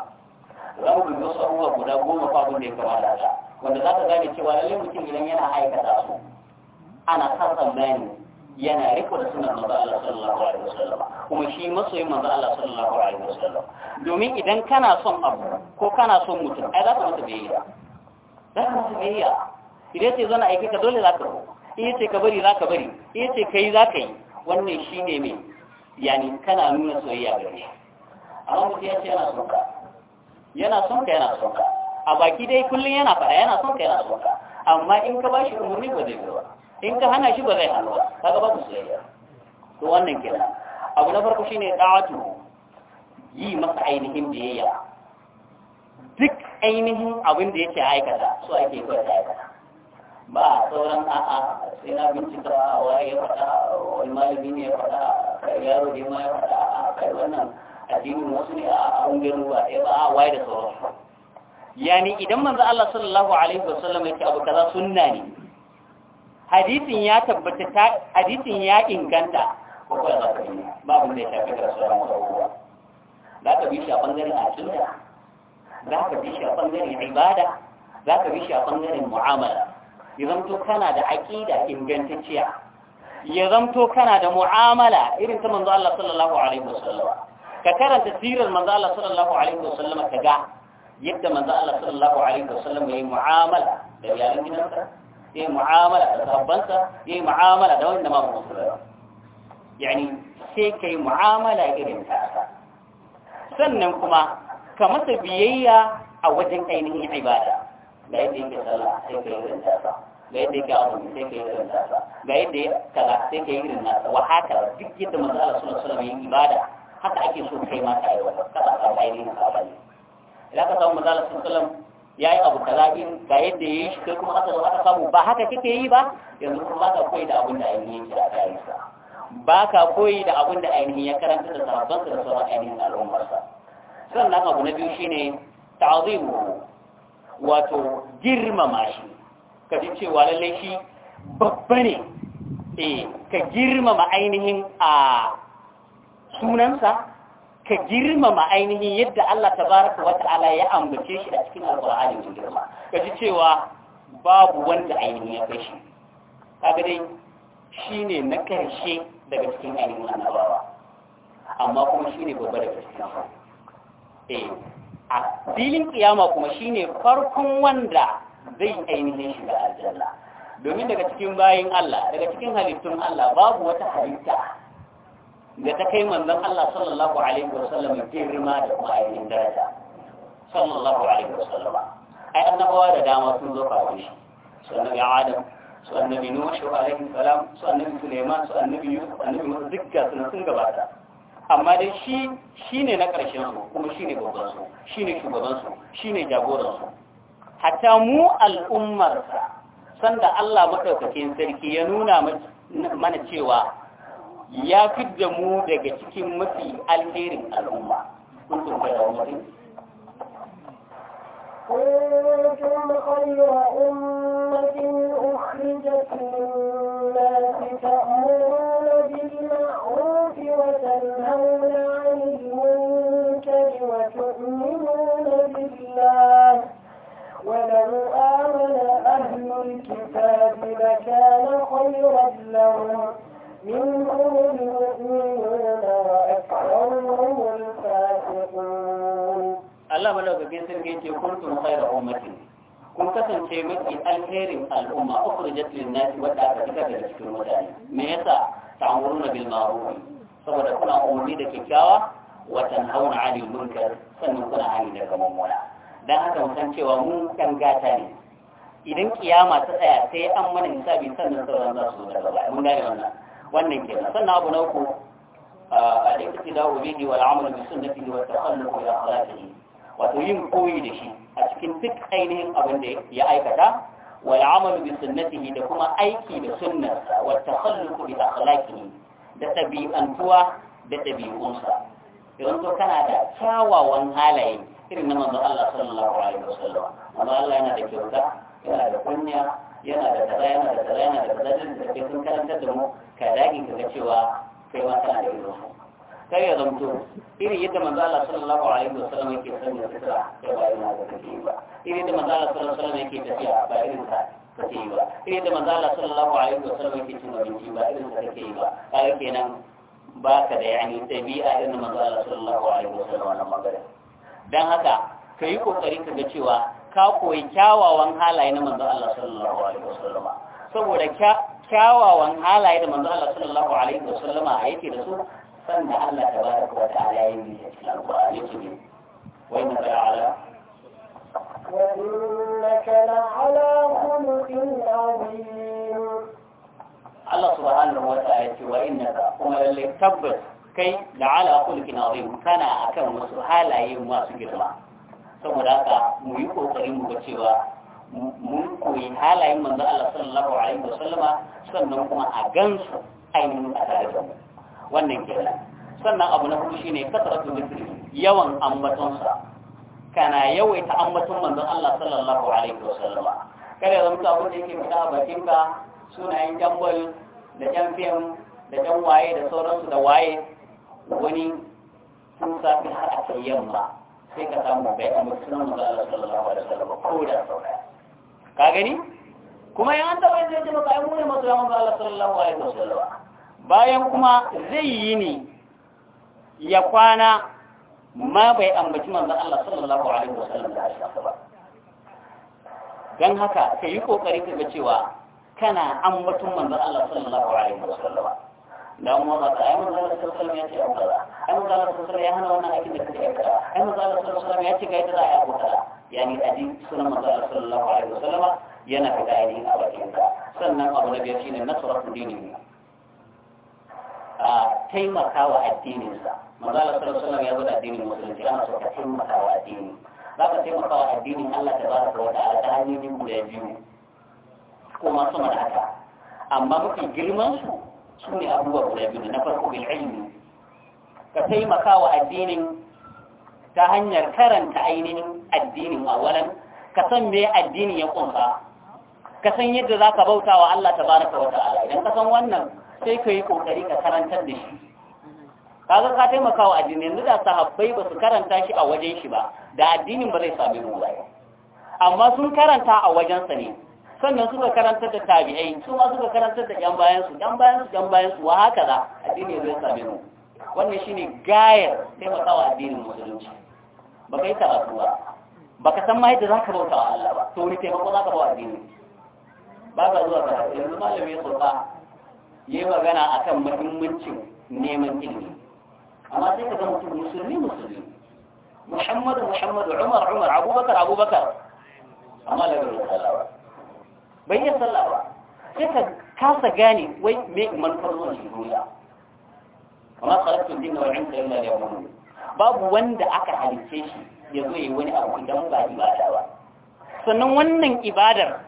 za mu bibi wasu abubuwa guda goma ko abin da ya kama da ta wanda za ka gane cewa lalle mutum idan yana aikata su ana sa tsammani yana riko da sunan manzo Allah sallallahu alaihi wasallam kuma shi masoyin manzo Allah sallallahu alaihi wasallam domin idan kana son abu ko kana son mutum ai za ka masa biyayya za ka masa biyayya idan ce zana aike ka dole za ka yi ce ka bari za ka bari iya ce ka yi za ka yi wannan shi ne mai yani kana nuna soyayya gare shi amma mutum ya ce yana son ka yana son ka yana son ka a baki dai kullum yana fara yana son ka yana son ka amma in ka bashi umarni ba zai ba in ka hana shi ba zai hana ba kaga ba su soyayya to wannan kenan abu na farko shine da'atu yi masa ainihin biyayya duk ainihin abin da yake aikata so ake kawai aikata ba sauran a'a sai na bincika wa ya faɗa wani malami ne ya faɗa kai yaro ne ma ya faɗa kai wannan addinin wasu ne a ruwa eh, a waye da yani idan manzo Allah sallallahu alaihi wasallam yake abu kaza sunna ne hadisin ya tabbata hadisin ya inganta ko yi da shafi da sauran abubuwa za ka bi shi a bangaren aqida za ka bi shi a bangaren ibada za ka bi shi a bangaren mu'amala ya zamto kana da aqida ingantacciya ya zamto kana da mu'amala irin ta manzo Allah sallallahu alaihi wasallam ka karanta sirar manzo Allah sallallahu alaihi wasallam ka ga yadda manzo Allah sallallahu alaihi wasallam yayi mu'amala da iyalan gidansa yayi mu'amala da sahabbansa yayi mu'amala da wanda ma musulmi yani sai kai mu'amala irin ta sannan kuma ka masa biyayya a wajen ainihin ibada ga yadda yake sallah sai kai irin ta ga yadda yake abu sai ka yi irin nasa ga yadda ya kaza sai ka yi irin nasa wa haka duk yadda manzo Allah sallallahu alaihi wasallam yin ibada haka ake so kai ma ka yi wata kada ka kai ne ka bari idan ka samu manzala sallallahu ya yi abu kaza in ga yadda ya yi shi kai kuma aka zo aka samu ba haka kake yi ba yanzu kuma ka koyi da abin da ainihin ya kira yi sa ba ka koyi da abin da ainihin ya karanta da sahabbansa da sauran ainihin al'ummarsa sannan abu na biyu shine ta'zimu wato girmama shi ka ji cewa lallai shi babba ne eh ka girmama ainihin a ah, sunansa ka girmama ainihin yadda Allah baraka wata ta'ala ya ambace shi a cikin alqur'ani mai girma ji cewa babu wanda ainihin ya kai shi kaga dai shine na karshe daga cikin ainihin annabawa amma kuma shine babba daga cikin eh a filin kiyama kuma shine farkon wanda zai ainihin shiga aljanna domin daga cikin bayin Allah daga cikin halittun Allah babu wata halitta da ta kai manzon Allah sallallahu alaihi wasallam girma da kuma ainihin daraja sallallahu alaihi wasallam ai annabawa da dama sun zo faru ne su annabi Adam su annabi Nuhu alaihi salam su annabi Sulaiman su annabi Yusuf annabi Musa dukkan sun sun gabata amma dai shi shine na karshen su kuma shine babban su shine shugaban su shine jagoran su hatta mu al'ummar sa sanda Allah madaukakin sarki ya nuna mana cewa ya da mu daga cikin mafi alherin al'umma kuntum khayra ummatin kuntum khayra ummatin ukhrijat lin-nas ta'muruna bil-ma'ruf wa tanhawna 'anil ولو آمن أهل الكتاب لكان خيرا لهم منهم المؤمنون وأكثرهم الفاسقون الله ملوك جنسر جنسي كنتم خير أمة kun kasance mafi alherin al'umma ukhrijat lin nasi wadda aka fitar daga cikin mutane me yasa ta'muruna bil ma'ruf saboda kuna umarni da kyakkyawa wa tanhauna 'anil munkar sannan kuna hani daga mummuna dan haka mun san cewa mun kan gata ne idan kiyama ta tsaya sai an mana hisabi sannan sauran za su zo daga baya mun gane wannan wannan ke sannan abu na uku al'iktida da bihi wal amal bi sunnatihi wa takhalluq ila akhlaqihi wato yin koyi da shi a cikin duk ainihin abin da ya aikata wal amal na sunnatihi da kuma aiki da sunnarsa wa takhalluq bi akhlaqihi da tabi'antuwa da tabi'unsa idan to kana da kyawawan halaye irin na manzo Allah sallallahu alaihi wasallam amma Allah yana da kyauta yana da kunya yana da kaza yana da kaza yana da kaza da da kai sun karantar da mu ka dage ka ga cewa kai ma kana da irin kai ya zamto irin yadda manzo Allah sallallahu alaihi wasallam yake sanya fitra kai ba ina da kake ba irin yadda manzo Allah sallallahu alaihi wasallam yake tafiya ba irin ka kake yi ba irin yadda manzo Allah sallallahu alaihi wasallam yake cin abinci ba irin ka kake yi ba kai kenan ba ka da yani tabi'a irin manzo Allah sallallahu alaihi wasallam wannan magana dan haka kai kokari ka ga cewa kakoyin kyawawan halaye na manzo Allah sallallahu alaihi wasallama saboda kyawawan halaye da manzo Allah sallallahu alaihi wasallam yake da su sanda Allah tabaraka wa ta'ala ya yi cikin alqur'ani ne wai mun ga ala وإنك لعلى خلق عظيم الله سبحانه وتعالى وإنك كما اللي تبت kai la'ala khuluqin عظيم kana akan wasu halaye masu girma saboda haka mu yi kokarin mu ga cewa mun koyi halayen manzo Allah sallallahu alaihi wasallama sannan kuma a gansu ainihin a tare da mu wannan kenan sannan abu na hudu shine kasaratu dhikri yawan ambatonsa kana yawaita ambaton manzo Allah sallallahu alaihi wasallama kada ya zama abin da yake fita a bakinka sunayen jambal da jan da jan waye da sauransu da waye wani sun safi har a yamma sai ka samu bai a musulman da Allah sallallahu alaihi wasallam ko da sauna ka gani kuma yan da bai zai maka ai mun musulman da Allah sallallahu alaihi wasallam bayan kuma zai yi ne ya kwana ma bai ambaci manzon Allah sallallahu alaihi wasallam da shi ba dan haka kai yi kokari ka ga cewa kana ambatun manzon Allah sallallahu alaihi wasallam لو مضى أم قال رسول الله يأتي أو كذا أم قال رسول الله أنا وأنا أكيد بكتير كذا أم قال رسول الله يأتي كذا يا أبو كذا يعني أدي سنة مضى صلى الله عليه وسلم ينفع دائرين أبكين كذا سنة أبو نبيتين نصرة دينه taimaka wa addininsa manzala sallallahu alaihi ya zo da addinin musulunci ana so ka taimaka wa addini za ka taimaka wa addinin Allah ta baraka wa ta'ala ta hanyoyin guda biyu kuma suna haka amma mafi girman su su ne abubuwa guda biyu na farko bil ilmi ka taimaka wa addinin ta hanyar karanta ainihin addinin awalan ka san me addini ya kunsa ka san yadda za ka bauta wa Allah tabaraka wa ta'ala idan ka san wannan sai ka yi kokari ka karantar da shi kaga ka taimaka wa addini yanzu da sahabbai ba su karanta shi a wajen shi ba da addinin ba zai sami mu ba amma sun karanta a wajensa ne sannan suka karanta da tabi'ai su ma suka karanta da yan bayan su yan bayan su yan bayan su wa haka za addini zai sami mu wannan shine gayar taimakawa addinin musulunci ba kai karatu ba ka san ma yadda zaka bauta wa Allah ba to ne taimako zaka bawa addini ba ka zuwa karatu yanzu malami ba, yayi magana akan muhimmancin neman ilimi amma sai ka ga mutum musulmi musulmi Muhammadu Muhammadu Umar Umar Abubakar Abubakar amma la ilaha bai yi sallah ba sai ka kasa gane wai me manufar zuwa shi duniya amma din jinna wajen kayan illa liya'budun babu wanda aka halice shi ya zo yi wani abu idan ba ibada ba sannan wannan ibadar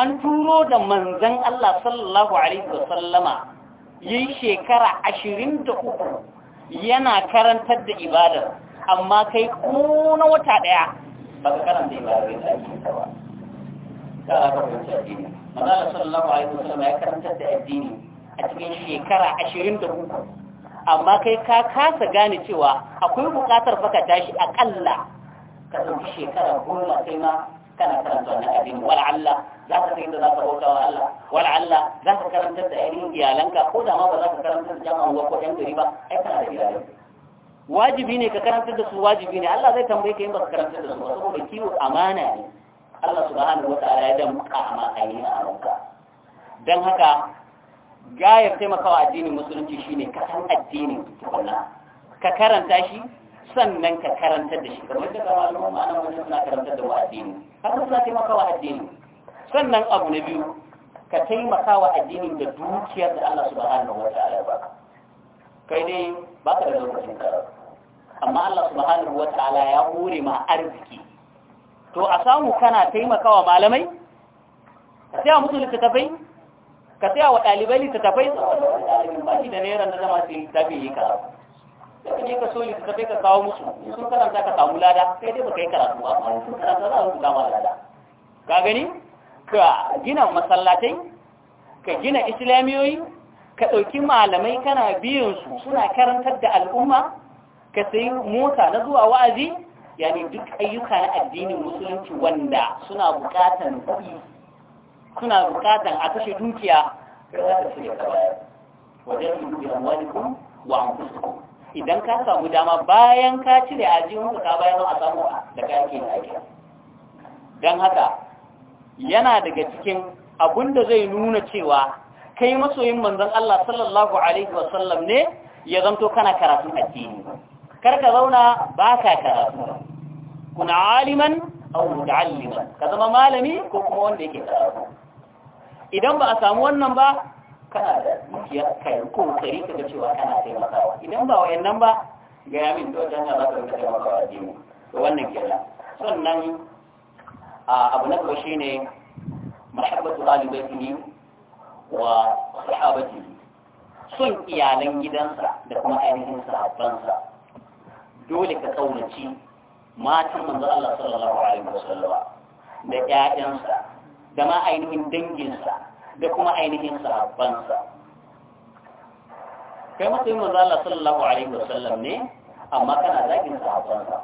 an turo da manzan Allah sallallahu alaihi wasallama yi shekara uku, yana karantar da ibadar amma kai kuna wata daya ba ka karanta ibadar da ake ba karantar da addini a cikin shekara ashirin da uku amma kai ka kasa gane cewa akwai bukatar baka tashi aƙalla ka ɗauki shekara goma sai ma kana karanta wani abin wala Allah za ka sai da za ka bauta wa Allah wala Allah za ka karantar da ainihin iyalanka ko da ma ba za ka karanta da ba ko ɗan gari ba ai kana da iyalai wajibi ne ka karanta da su wajibi ne Allah zai tambaye ka yin ba ka karantar da su ba saboda kiwo amana ne Allah subhanahu wata'ala ya dan maka a makani a aronka don haka gayar taimakawa addinin musulunci shine ka san addinin tukuna. ka karanta shi sannan ka karanta da shi kamar da kawai al'umma nan wajen suna karanta da wa addini haka suna taimakawa addini sannan abu na biyu ka taimakawa addinin da dukiyar da Allah subhanahu wata'ala ya baka kai dai ba ka da lokacin karatu amma Allah subhanahu wata'ala ya hore ma arziki to a samu kana taimakawa malamai ka saya musu littattafai ka saya wa ɗalibai littattafai da naira na zama ka gani ka gina masallatai ka gina islamiyoyi ka ɗauki malamai kana biyan su suna karantar da al'umma ka sayi mota na zuwa wa'azi yani duk ayyuka na addinin musulunci wanda suna bukatan kuɗi suna bukatan a kashe dukiya idan ka samu dama bayan ka cire ajiyunku ka bayan a samu da kake da ake don haka yana daga cikin abinda zai nuna cewa kai masoyin manzon Allah sallallahu alaihi wasallam ne ya zanto kana karatun addini karka zauna ba ka karatu kuna aliman au muta'alliman ka zama malami ko kuma wanda yake karatu idan ba a samu wannan ba kana da mutiya kai ko kari ka cewa kana taimakawa idan ba wayannan ba ga min to dan Allah ka rubuta maka wajibi to wannan kenan sannan abu na gaba shine mahabbatu alibaiti wa sahabati son iyalan gidansa da kuma ainihin sahabbansa dole ka kaunaci matan manzo Allah sallallahu alaihi wasallam da ƴaƴansa da ma ainihin danginsa da kuma ainihin sahabbansa kai matsayin manzo Allah sallallahu alaihi wasallam ne amma kana zagin sahabbansa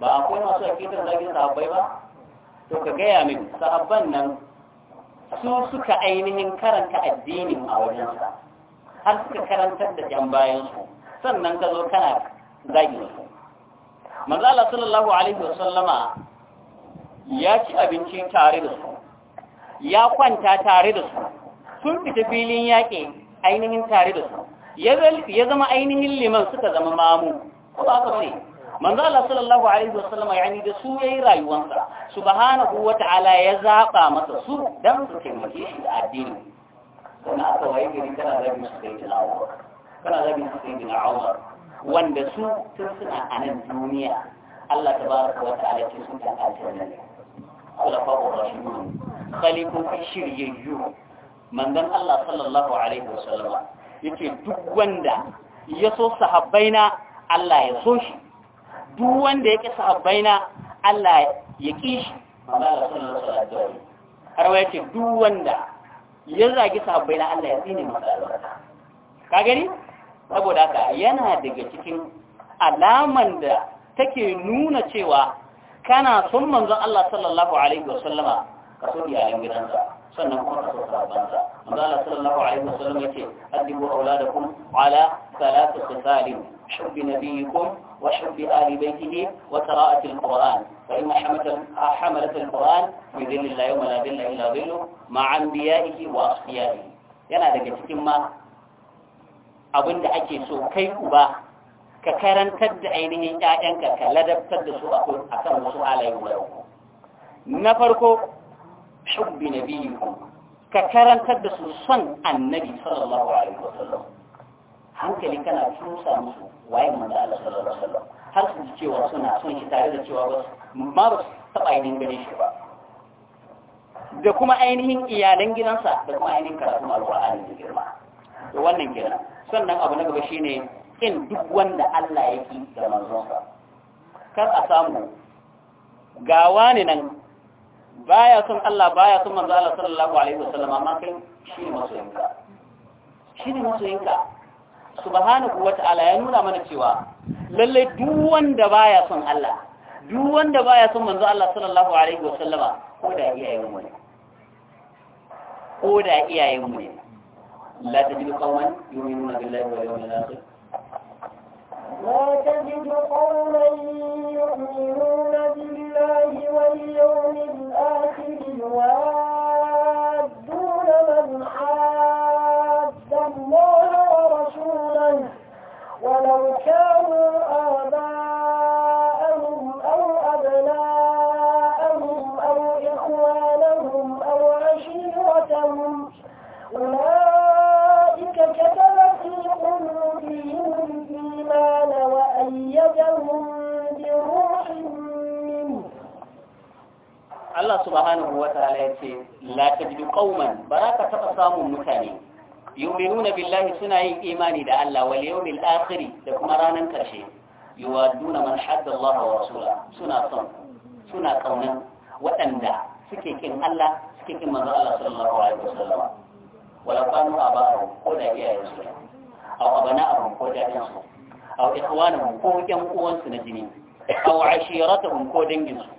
ba akwai masu akidar zagin sahabbai ba to ka gaya min sahabban nan su suka ainihin karanta addinin a wajensa har suka karantar da ƴan bayansu sannan ka zo kana zagin su manzo Allah sallallahu alaihi wasallama ya ci abinci tare da su ya kwanta tare da su sun fita filin yaƙi ainihin tare da su ya zama ainihin liman suka zama mamu ko aka ce manzo Allah sallallahu alaihi wasallam yani da su yayi rayuwarsa subhanahu wata'ala ya zaba masa su dan su taimake shi da addini kana aka waye gari kana da kai da Allah kana da musulmi da Allah wanda su tun suna a nan duniya Allah ta ba wa ta'ala ce sun kan aljanna khulafa wa rashidun khalifofi shiryayyu manzon Allah sallallahu alaihi wasallam yace duk wanda ya so sahabbaina Allah ya so shi duk wanda yake sahabbaina Allah ya ki shi manzon sallallahu alaihi wasallam har wai yace duk wanda ya zagi sahabbaina Allah ya tsine masa albarka ka gani saboda haka yana daga cikin alaman da take nuna cewa kana son manzon Allah sallallahu alaihi wasallama ka so iyalan gidansa sannan kuma so sabanta manzon Allah sallallahu alaihi wasallama yace addibu auladakum ala salati khisalin حب نبيكم وحب آل بيته وقراءة القرآن فإن حملة القرآن بذل الله يوم لا ذل إلا ذله مع أنبيائه وأصفيائه yana daga cikin ma abin da ake so kai uba ka karantar da ainihin ‘ya'yanka ka ladabtar da su a kan wasu halayen wayo na farko shubbi na biyu ka karantar da su son annabi sallallahu alaihi wasallam hankali kana tusa musu waye manzo Allah sallallahu alaihi wasallam har su cewa suna son shi tare da cewa ba ma ba taba ainihin ganin shi ba da kuma ainihin iyalan gidansa da kuma ainihin karatun alƙur'ani da girma da wannan kenan sannan abu na gaba shine in duk wanda Allah ya ki da manzonsa kar a samu ga wani nan baya son Allah baya son manzo Allah sallallahu alaihi wasallam amma kai shi masoyinka shi ne masoyinka subhanahu wata'ala ya nuna mana cewa lalle duk wanda baya son Allah duk wanda baya son manzo Allah sallallahu alaihi wasallama ko da iyayen mu ne ko da iyayen mu ne لا تجد قوما يؤمنون بالله واليوم الآخر لا تجد قوما يؤمنون بالله واليوم الآخر يوادون من حاد الله ورسوله ولو كانوا آباءهم Allah subhanahu wa ta'ala ya ce la tajidu qauman baraka taba samun mutane yu'minuna billahi suna yin imani da Allah wal yawmil akhir da kuma ranan karshe yuwadduna man hadda Allah wa rasula suna son suna kaunan waɗanda suke kin Allah suke kin manzo Allah sallallahu alaihi wasallam wala kanu abaru ko da iyayen su aw abana'ahum ko da ɗan su aw ikhwanuhum ko ƴan uwansu na jini aw ashiratuhum ko dangin su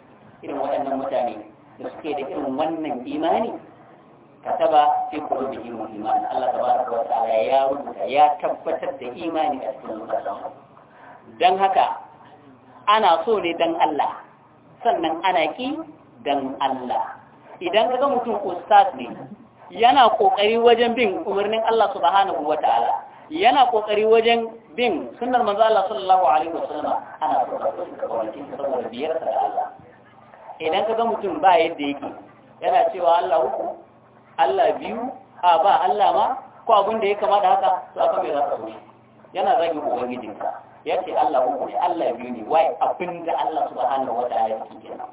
irin waɗannan mutane da suke da irin wannan imani kataba fi qulubihim imani Allah tabaraka wa ta'ala ya rubuta ya tabbatar da imani a cikin zukatan dan haka ana so ne dan Allah sannan ana ki dan Allah idan kaga mutum ustad ne yana kokari wajen bin umarnin Allah subhanahu wa ta'ala yana kokari wajen bin sunnar manzo Allah sallallahu alaihi wasallam ana so ka kawai saboda biyar da Allah idan ka ga mutum ba yadda yake yana cewa Allah uku Allah biyu a ba Allah ma ko abin da ya kama da haka to aka mai zaka ruwa yana zagin ubangijinka ya ce Allah uku ne Allah biyu ne wai abin da Allah subhanahu wa ta'ala yake kenan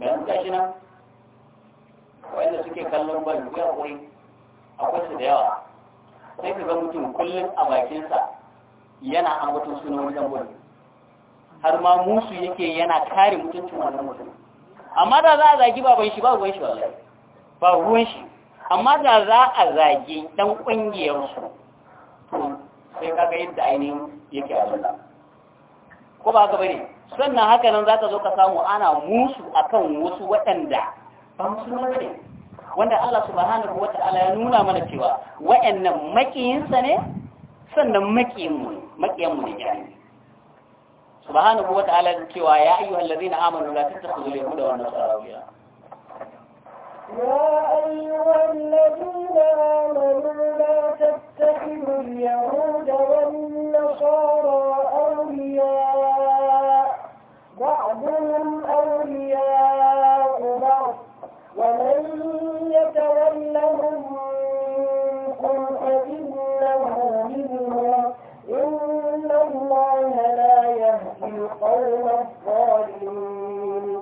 bayan shi nan wanda suke kallon ba duk kuri akwai su da yawa sai ka ga mutum kullum a bakinsa yana ambaton sunan wani dan har ma musu yake yana kare mutuncin wannan mutum amma da za a zagi baban shi ba ruwan shi wallahi ba ruwan shi amma da za a zagi dan kungiyar su to sai kaga yadda ainihin yake a wannan ko ba ka bane sannan haka nan zaka zo ka samu ana musu akan wasu waɗanda ba musu ne wanda Allah subhanahu wataala ya nuna mana cewa waɗannan makiyinsa ne sannan makiyin mu mu ne jami'i سبحانه وتعالى ذكي ويا أيها الذين آمنوا لا تتخذوا اليهود والنصارى أولياء يا أيها الذين آمنوا لا تتخذوا اليهود والنصارى أولياء بعضهم أولياء بعض ومن يتولهم القوم الظالمين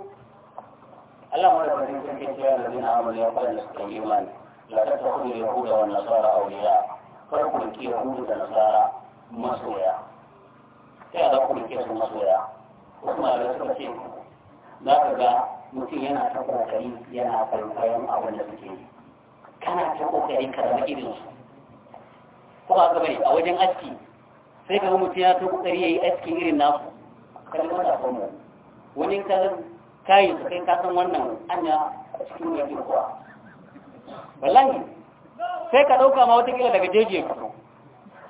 في الذين يقول لا تتخذوا اليهود والنصارى يهود والنصارى masoya. Kuma ce. ga mutum yana ta kokari yana kwaikwayon abin da suke yi kana ta ka zama irin su ko a wajen aski sai ka mutum ya ta kokari yi aski irin nasu kalmar da kuma wani ka kayi su kai kasan wannan anya a cikin yake kuwa wallahi sai ka ɗauka ma watakila daga jeje fito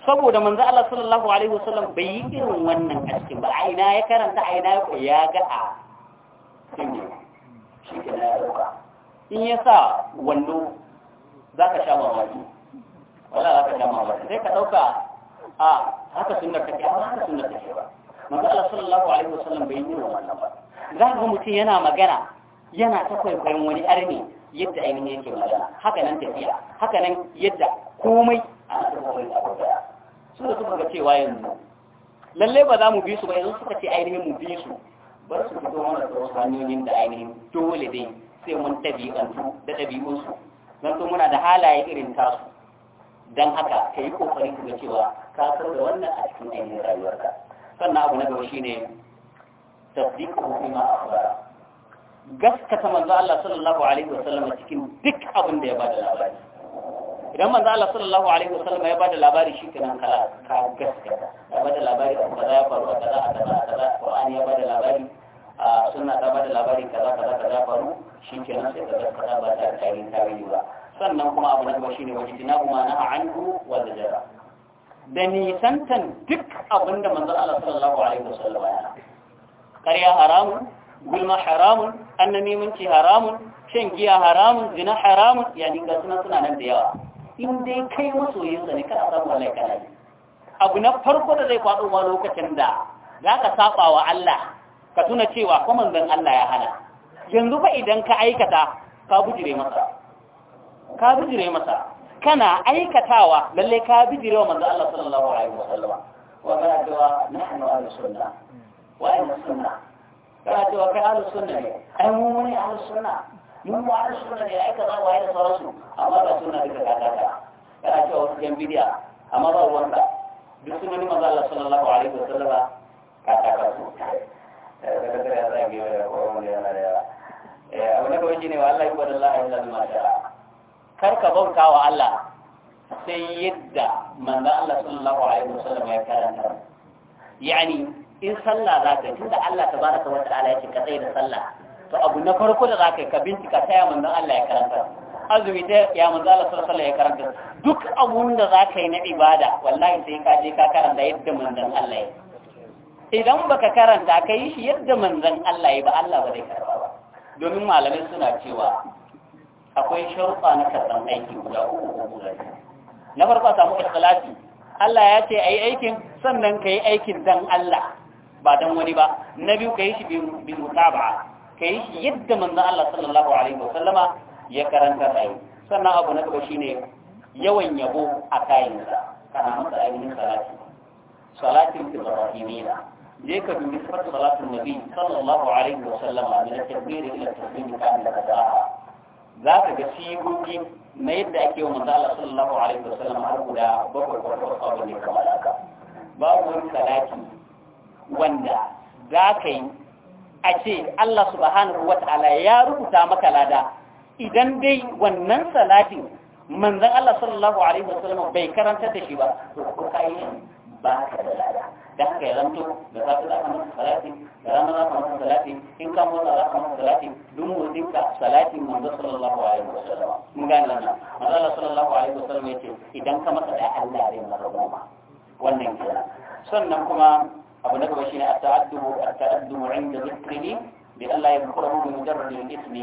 saboda manzo Allah sallallahu alaihi wasallam bai yi irin wannan a cikin ba aina ya karanta aina ya koya ga a shi ke na ya in ya sa wando za ka sha mamaki wala za ka sha mamaki sai ka ɗauka a ah, haka sunnar take amma haka sunnar take ba manzo Allah sallallahu alaihi wasallam bai yi wannan ba za ga mutum yana magana yana ta kwaikwayon wani arni yadda ainihin yake magana haka nan tafiya haka nan yadda komai a cikin su da suka ga cewa yanzu lalle ba za mu bi su ba yanzu suka ce ainihin mu bi su bar su fito mana da wasu hanyoyin da ainihin dole dai sai mun ɗabi'antu da ɗabi'unsu don to muna da halaye irin tasu don haka ka yi ƙoƙarin ka ga cewa ka da wannan a cikin ainihin rayuwarka sannan abu na gaba ne tasdiqu fi a akhbara gaskata manzo Allah sallallahu alaihi wasallam cikin duk abin da ya bada labari idan manzo Allah sallallahu alaihi wasallam ya bada labari shi kenan kala ka gaskata ya bada labari a kaza ya faru a kaza a kaza a kaza Qur'ani ya bada labari a sunna ta bada labari kaza kaza kaza faru shi kenan sai ka gaskata ba ta kai tarihi ba sannan kuma abu na gaba shine na kuma na anhu wa jara da nisantan duk abin da manzan Allah sallallahu Alaihi wasallam ya kariya haramun gulma haramun annamiminci haramun shan giya haramun zina haramun ya dinga suna suna nan da yawa in dai kai sa ne kada samu wallahi kana ne abu na farko da zai faɗo ma lokacin da za ka saba wa Allah ka tuna cewa ko manzon Allah ya hana yanzu fa idan ka aikata ka bujire masa ka bujire masa kana aikatawa lalle ka bi bijirewa manzo Allah sallallahu alaihi wa wasallama wa kana cewa nahnu ahlus sunna wa ahlus sunna kana cewa ka ahlus sunna ne ai mu mun ahlus sunna mu mu ahlus sunna ne ai kaza wa ai sauransu amma ba sunna da ka ta kaka ka cewa wasu yan bidiya amma ba wanda duk sunan manzo Allah sallallahu alaihi wa wasallama ka ta ka su daga daga ya zage wa wani yana da ya eh abu na kawai shine wa Allah ya kwada Allah ya zama masha'a kar ka bauta wa Allah sai yadda manzon Allah sallallahu alaihi wasallam ya karanta yani in sallah za ka tunda Allah ta tabaraka wa ya ce ka tsaye da sallah to abu na farko da za ka ka bincika ta ya manzon Allah ya karanta azumi ta ya manzon Allah sallallahu ya karanta duk abun da za ka yi na ibada wallahi sai ka je ka karanta yadda manzon Allah ya idan baka karanta ka yi shi yadda manzon Allah ya ba Allah ba zai karba ba domin malamai suna cewa akwai sharuɗa na karɓar aiki guda uku ko guda na farko samu ikhlasi Allah ya ce a yi aikin sannan ka yi aikin dan Allah ba dan wani ba na biyu ka yi shi bi mutaba ka yi shi yadda manzon Allah sallallahu alaihi wa sallama ya karanta sai sannan abu na gaba shine yawan yabo a kayansa kana masa ainihin salati salatin ibrahimiyya je ka dubi salatin nabi sallallahu alaihi wa sallama min at-takbir ila at-taslim kan da kaza za ka ga sigogi na yadda ake wa manzala sallallahu alaihi wasallam har guda bakwai kwarkwar abu ne kamar haka babu wani salati wanda za ka yi a ce Allah subhanahu wa ta'ala ya rubuta maka lada idan dai wannan salatin manzan Allah sallallahu alaihi wasallam bai karanta da shi ba to ko kai ba ka da lada da haka ya zanto da safi za ka masa salatin da rana za ka masa salatin in ka motsa za ka masa salatin duk motsin ka salatin manzo sallallahu alaihi wasallam mun gane wannan manzo Allah sallallahu alaihi wasallam ya ce idan ka masa da Allah zai masa goma wannan kenan sannan kuma abu na gaba shine at-ta'addubu at-ta'addubu 'inda dhikrihi bi Allah ya kura mu mujarrad al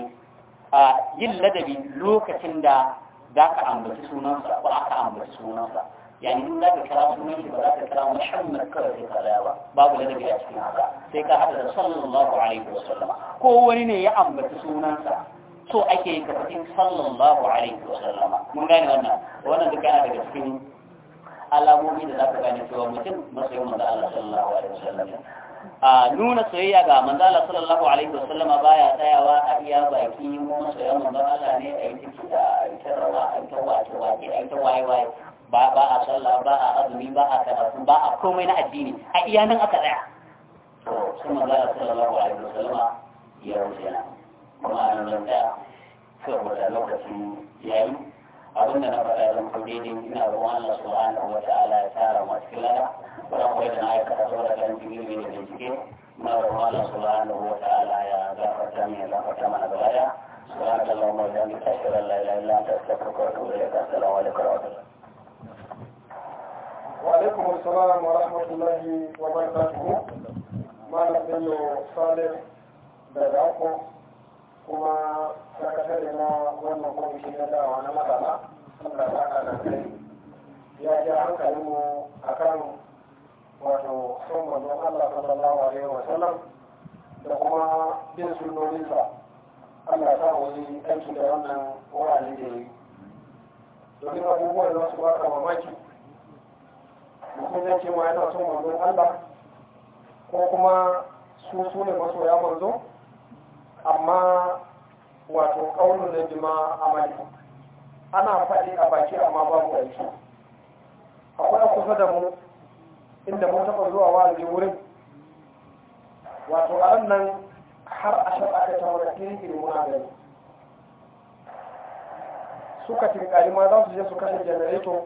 a yin ladabi lokacin da za ka ambaci sunansa ko aka ambaci sunansa yani in za ka kira sunan shi ba za ka kira muhammad kawai sai ka ba babu ladabi a cikin haka sai ka haɗa da sallallahu alaihi wa sallama ko wani ne ya ambaci sunansa so ake yi kafin sallallahu alaihi wa sallama mun gane wannan wannan duka yana daga cikin alamomi da za ka gane cewa mutum masoyin manzo Allah sallallahu alaihi wa sallama a nuna soyayya ga manzo Allah sallallahu alaihi wa sallama baya tsayawa a iya baki mu masoyan manzo Allah ne a yi ciki da a yi tarrawa a yi wace wace a yi tawaye waye ba ba a sallah ba a azumi ba a karatu ba a komai na addini a iya nan aka tsaya to sun maza magana sallallahu alaihi wasallama ya wuce na kuma a nan tsaya saboda lokacin yayi abin da na faɗa zan ko daidai ina ruwan Allah na wa ta'ala ya tara mu cikin lada wannan koyi da na aikata saboda kan jikin mai da bincike na ruwan Allah subhanahu wa ta'ala ya gafarta mu ya gafarta mana gaba daya subhanallahi wa bihamdihi ashhadu an la ilaha illa anta astaghfiruka wa atubu ilaik assalamu alaikum wa rahmatullahi وعليكم السلام ورحمة الله وبركاته malam kuma sakatare na wannan kwamishi na dawa na matsala allah da kuma bin sunnoninsa allah sa wani aiki wannan wurare abubuwan za su mamaki mutum zai ce ma yana son manzon Allah ko kuma su su ne masoya manzo amma wato kaunin na jima amali ana faɗi a baki amma babu aiki akwai kusa da mu inda mun taɓa zuwa wa'azi wurin wato a nan har a shaɓa aka ta wani kirkiri muna gani suka tinkari ma za su je su kashe janareto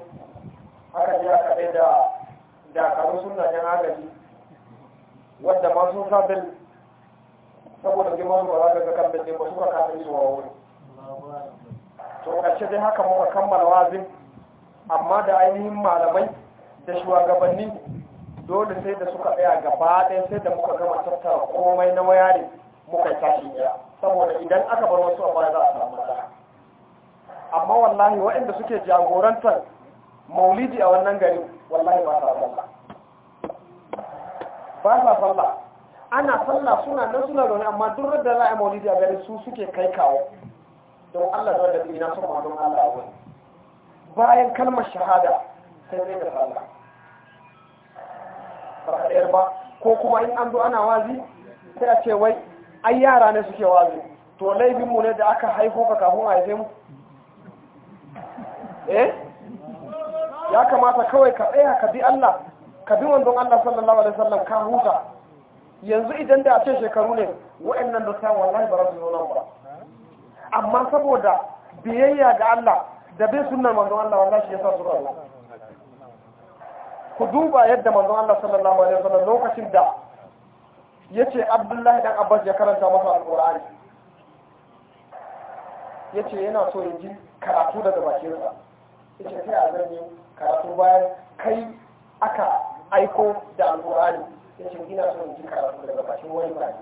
aka je aka ɗaya da da karu suna yan agaji wadda ma sun kafin saboda girman su ba za ka kan ne ba su ka kafin su wa wuri to ƙarshe dai haka muka kammala wazin amma da ainihin malamai da shugabanni dole sai da suka tsaya gaba ɗaya sai da muka gama tattara komai na wayarin muka tashi ya saboda idan aka bar wasu a baya za a samu matsala amma wallahi waɗanda suke jagorantar maulidi a wannan gari wallahi ba sa sallah ba sa sallah ana sallah suna nan suna zaune amma duk da za a maulidi a gari su suke kai kawo don Allah zuwa da ina son don Allah a wani bayan kalmar shahada sai zai da sallah ba ba ko kuma in an zo ana wazi sai a ce wai ai yara ne suke wazi to laifinmu ne da aka haifo ka kafin a haife mu eh ya kamata kawai ka tsaya ka bi Allah ka bi wanzon Allah sallallahu alaihi wasallam ka huta yanzu idan da a ce shekaru ne wa'annan da sa wallahi ba za su zo ba amma saboda biyayya ga Allah da bin sunnar manzon Allah wallahi shi yasa su zo ku duba yadda manzon Allah sallallahu alaihi wasallam lokacin da yace Abdullahi dan Abbas ya karanta masa ya yace yana so ya ji karatu daga bakinsa yace sai a zanne karatu bayan kai aka aiko da alƙur'ani ya ce ina so in ji karatu daga bakin wani ba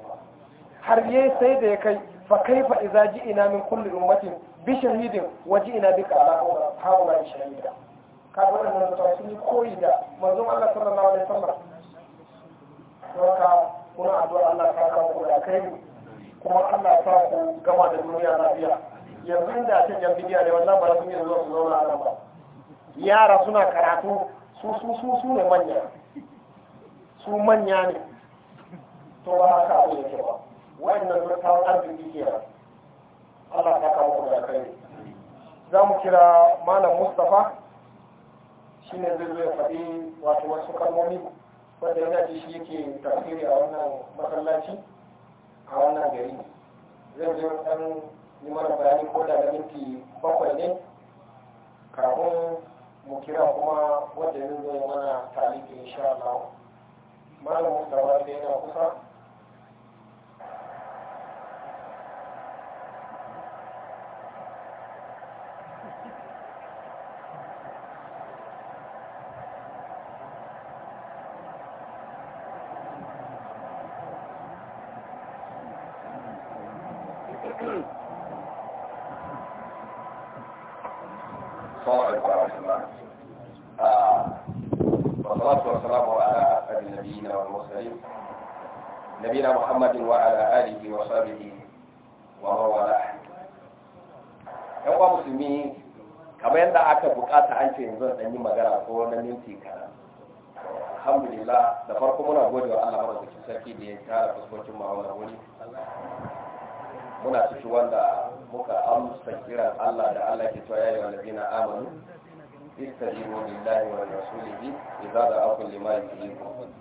har yi sai da ya kai fa kaifa idza ji'ina min kulli ummatin bi shahidin wa ji'ina bika ala haula shahida kaga wannan mutane sun yi koyi da manzon Allah sallallahu alaihi wasallam haka kuna addu'ar Allah ta kawo ku da kai kuma Allah ta ku gama da duniya lafiya yanzu inda a cikin bidiya ne wannan ba za su yi zuwa su zauna a nan ba yara suna karatu su su su su ne manya su manya ne to ba haka abu ke ba wa'annan sun kawo arziki kenan Allah ta kawo kuma da kai za mu kira malam Mustapha shine zai zo ya faɗi wato wasu kalmomi wanda yana ji shi yake tafiri a wannan masallaci a wannan gari zai zo ɗan yi mana bayani ko da minti bakwai ne kafin mu kira kuma wanda zai mana taliki insha Allah malamin Mustafa da yana kusa محمد وعلى آله وصحبه ومن والاه musulmi kamar yadda aka bukata an ce yanzu dan yi magana ko na minti kana alhamdulillah da farko muna gode wa Allah madaukakin sarki da ya tara fuskokin mu a wuri muna cikin wanda muka amsa kiran Allah da Allah ke cewa yayi walazina amanu istajibu lillahi wa rasulihi idza da'akum lima yuhyikum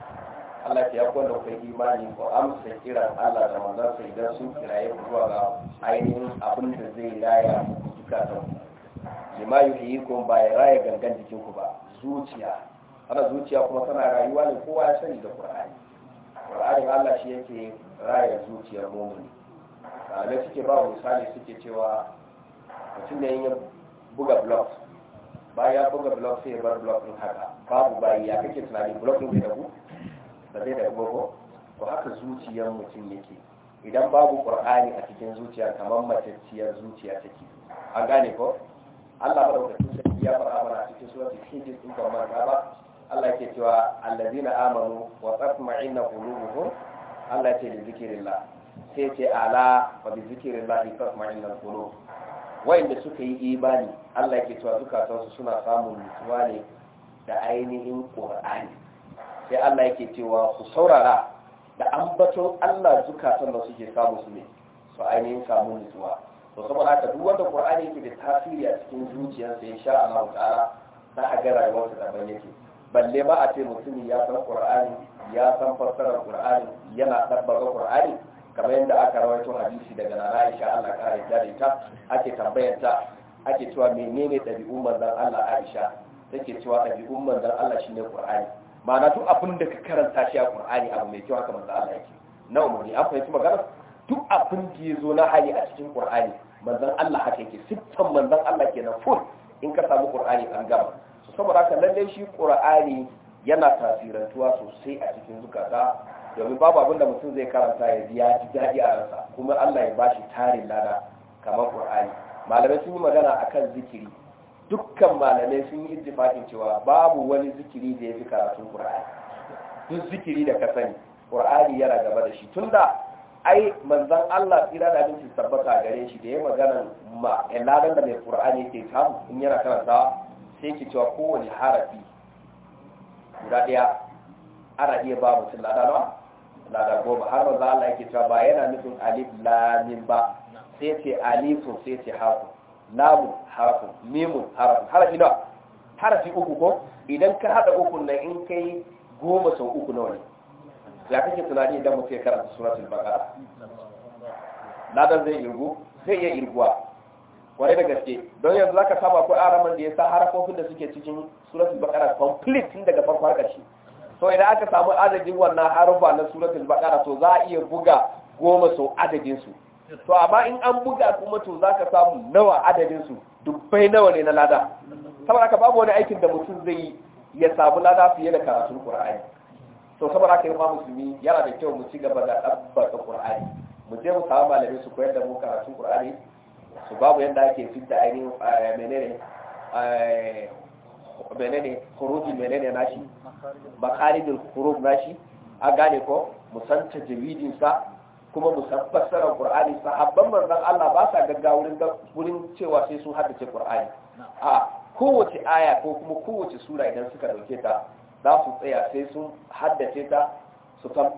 Allah ya kwanda ku imani ku amsa kiran Allah da sai idan su kiraye ku zuwa ga ainihin abin da zai raya muku zukatan ku lima yuhyikum ba ya raya gangan jikin ku ba zuciya ana zuciya kuma tana rayuwa ne kowa ya sani da Qur'ani Qur'ani Allah shi yake raya zuciyar mu'mini malamai suke ba misali suke cewa mutum ne ya buga blog bayan ya buga blog sai ya bar blog din haka babu bayi ya kake tunani blog din bai rabu ba zai da gogo to haka zuciyar mutum yake idan babu qur'ani a cikin zuciya kamar matacciyar zuciya take an gane ko Allah madaukakin sai ya fara mana cikin suratul hijr din kamar ba Allah yake cewa na amanu wa tatma'inna qulubuhum Allah ce da la sai ce ala wa bi zikirillah tatma'innal qulub wayanda suka yi imani Allah yake cewa zukatansu suna samun mutuwa ne da ainihin qur'ani sai Allah yake cewa ku saurara da ambaton Allah zukatan da suke samu su ne su ainihin samu nutsuwa to saboda haka duk wanda Qur'ani yake da tasiri a cikin zuciyarsa insha Allah ta'ala za a ga rayuwarsa daban yake balle ba a ce mutum ya san Qur'ani ya san fassarar Qur'ani yana tabbata Qur'ani kamar yadda aka rawaito hadisi daga Nana Aisha Allah ka ta da ita ake tambayar ta ake cewa menene ɗabi'un manzon Allah Aisha take cewa ɗabi'un manzon Allah shine Qur'ani ma'ana duk abin da ka karanta shi a Qur'ani abu mai kyau haka manzo Allah yake na umuri an fahimci magana duk abin da zo na hali a cikin Qur'ani manzon Allah haka yake sittan manzon Allah kenan full in ka samu Qur'ani an gama saboda haka lalle shi Qur'ani yana tasirantuwa sosai a cikin zukata domin babu abin da mutum zai karanta ya ji ji daɗi a ransa kuma Allah ya bashi tarin lada kamar Qur'ani malamai sun yi magana akan zikiri dukkan malamai sun yi jifafin cewa babu wani zikiri da ya fi karatun Qur'ani duk zikiri da ka sani Qur'ani yana gaba da shi tunda ai manzan Allah tsira da abincin sabbata gare shi da ya magana ma eh, ladan da mai kur'ani yake samu in yana karanta sai ki cewa kowane harafi guda daya ana iya ba mutum lada nawa lada goma har manzon Allah yake cewa ba yana nufin alif lamin ba sai ce alifun sai ce hafu namun harafin memun harafin harafi na harafi uku ko idan ka hada uku na in kai goma sau uku nawa wani ya kake tunani idan mutum ya karanta bakara na dan zai irgu zai iya irguwa kwarai da gaske don yanzu za ka saba ko araman da ya sa harafofin da suke cikin suratul bakara complete tun daga farko har ƙarshe so idan aka samu adadin wannan harufa na suratul baqara to za a iya buga goma sau adadinsu. su to amma in an buga kuma to zaka samu nawa adadin su dubbai nawa ne na lada saboda ka babu wani aikin da mutum zai yi ya samu lada fiye da karatun Qur'ani to saboda yi ba musulmi yana da kyau mu ci gaba da tabbata Qur'ani mu je mu samu malamin su koyar da mu karatun Qur'ani su babu yanda ake fitta ainihin eh, menene eh, menene khuruji menene nashi makarijul khurub nashi a gane ko mu san tajwidin sa kuma musabbasarar qur'ani sahabban manzon Allah ba sa gaggawurin wurin cewa sai sun haddace qur'ani a kowace aya ko kuma kowace sura idan suka dauke ta za su tsaya sai sun haddace ta su san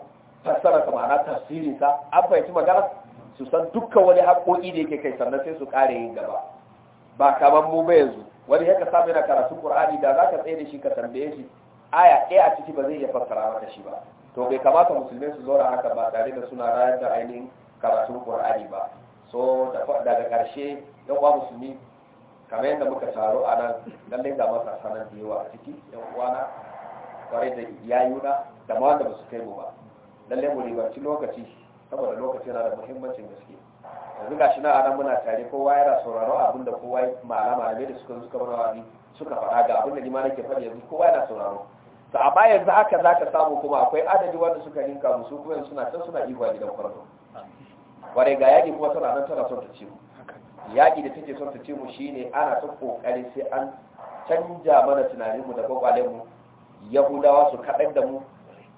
fassara ta ma'ana tafsirin ta an fahimci magana su san dukkan wani haƙoƙi da yake kai sannan sai su ƙare yin gaba ba kamar mu ba yanzu wani yaka samu yana karatun qur'ani da za ka tsaye da shi ka tambaye shi aya ɗaya a ciki ba zai iya fassara maka shi ba to bai kamata musulmai su zauna haka ba tare da suna rayar da ainihin karatu kur'ani ba so daga ƙarshe yan uwa musulmi kamar yadda muka taro a nan lallai ga masa sanar da yawa a ciki yan uwana kwarai da yayuna da ma wanda ba su kai mu ba lallai mu ribarci lokaci saboda lokaci yana da muhimmancin gaske yanzu ga shi na nan muna tare kowa yana sauraro abin da kowa malama ne da suka zuka wani suka faɗa ga abin da ni ma nake faɗi yanzu kowa yana sauraro sa'a bayan za ka za ka samu kuma akwai adadi wanda suka ninka musu kuma suna can suna ihu a gidan kwarzo ware ga yaƙi kuma tana nan tana son ta ce mu yaƙi da take son ta ce mu shi ne ana son ƙoƙari sai an canja mana tunanin mu da mu yahudawa su kaɗan da mu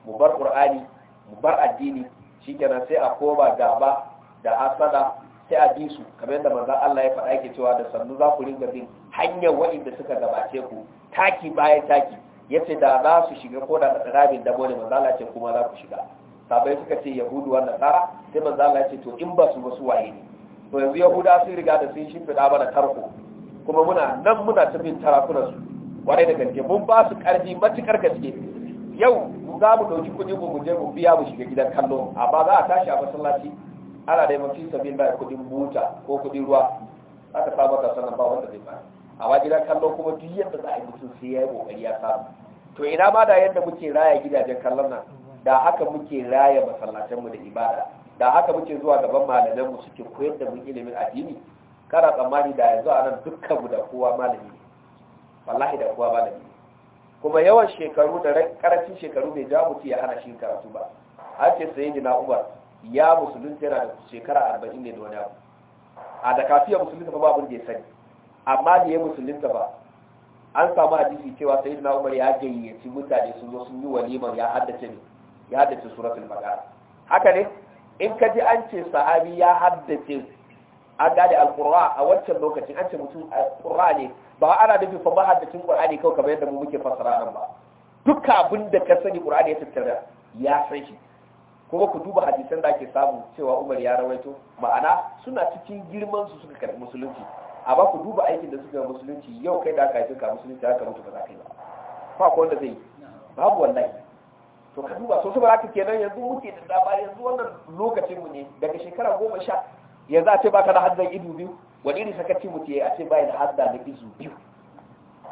mu bar ƙur'ani mu bar addini shikenan sai a koma gaba da asada sai a bi su kamar yadda maza Allah ya faɗa yake cewa da sannu za ku ringa bin hanyar waɗanda suka gabace ku taki bayan taki yace da za su shiga ko da rabin dabo ne manzala ce kuma za ku shiga sabai suka ce yahudu wannan tsara sai manzala ce to in ba su ba su waye ne to yanzu yahuda sun riga da sun shimfida mana tarko kuma muna nan muna tafin tarakunan su kwarai da gaske mun ba su karfi matukar gaske yau za mu dauki kuɗi mu je mu biya mu shiga gidan kallo amma za a tashi a masallaci ana da mafi sabin da kudin buta ko kudin ruwa aka samu ka sanar ba wanda zai bayar a gidan kallo kuma duk yadda za a yi mutum sai ya yi kokari ya samu to ina ma da yadda muke raya gidajen kallon nan da haka muke raya masallatanmu da ibada da haka muke zuwa gaban malamanmu suke koyar da mu ilimin addini kana tsammani da yanzu a dukkan mu da kowa malami ne wallahi da kowa malami ne kuma yawan shekaru da karancin shekaru bai ja mutu ya hana shi karatu ba an ce sai na umar ya musulunci yana da shekara arba'in ne da wani abu a da kafiya musulunci ba abin da ya sani amma da ya musulunta ba an samu hadisi cewa sai na umar ya gayyaci mutane sun zo sun yi walimar ya haddace ne ya haddace suratul baqara haka ne in ka ji an ce sahabi ya haddace an gane alqur'a a wancan lokacin an ce mutum alqur'a ne ba ana da fa ba haddacin qur'ani kawai kamar yadda mu muke fassara nan ba duka abin da ka sani qur'ani ya tattara ya san shi kuma ku duba hadisan da ake samu cewa umar ya rawaito ma'ana suna cikin girmansu su suka karbi musulunci a ba ku duba aikin da suka yi musulunci yau kai da aka yi ka musulunci aka mutu ba za ka yi ba ba ko wanda zai babu wannan to ka duba sosai ba za ka kenan yanzu muke da dama yanzu wannan lokacinmu ne daga shekara goma sha yanzu a ce baka da haddan ido biyu wani irin sakaci mutu ya a ce bayan hadda da ido biyu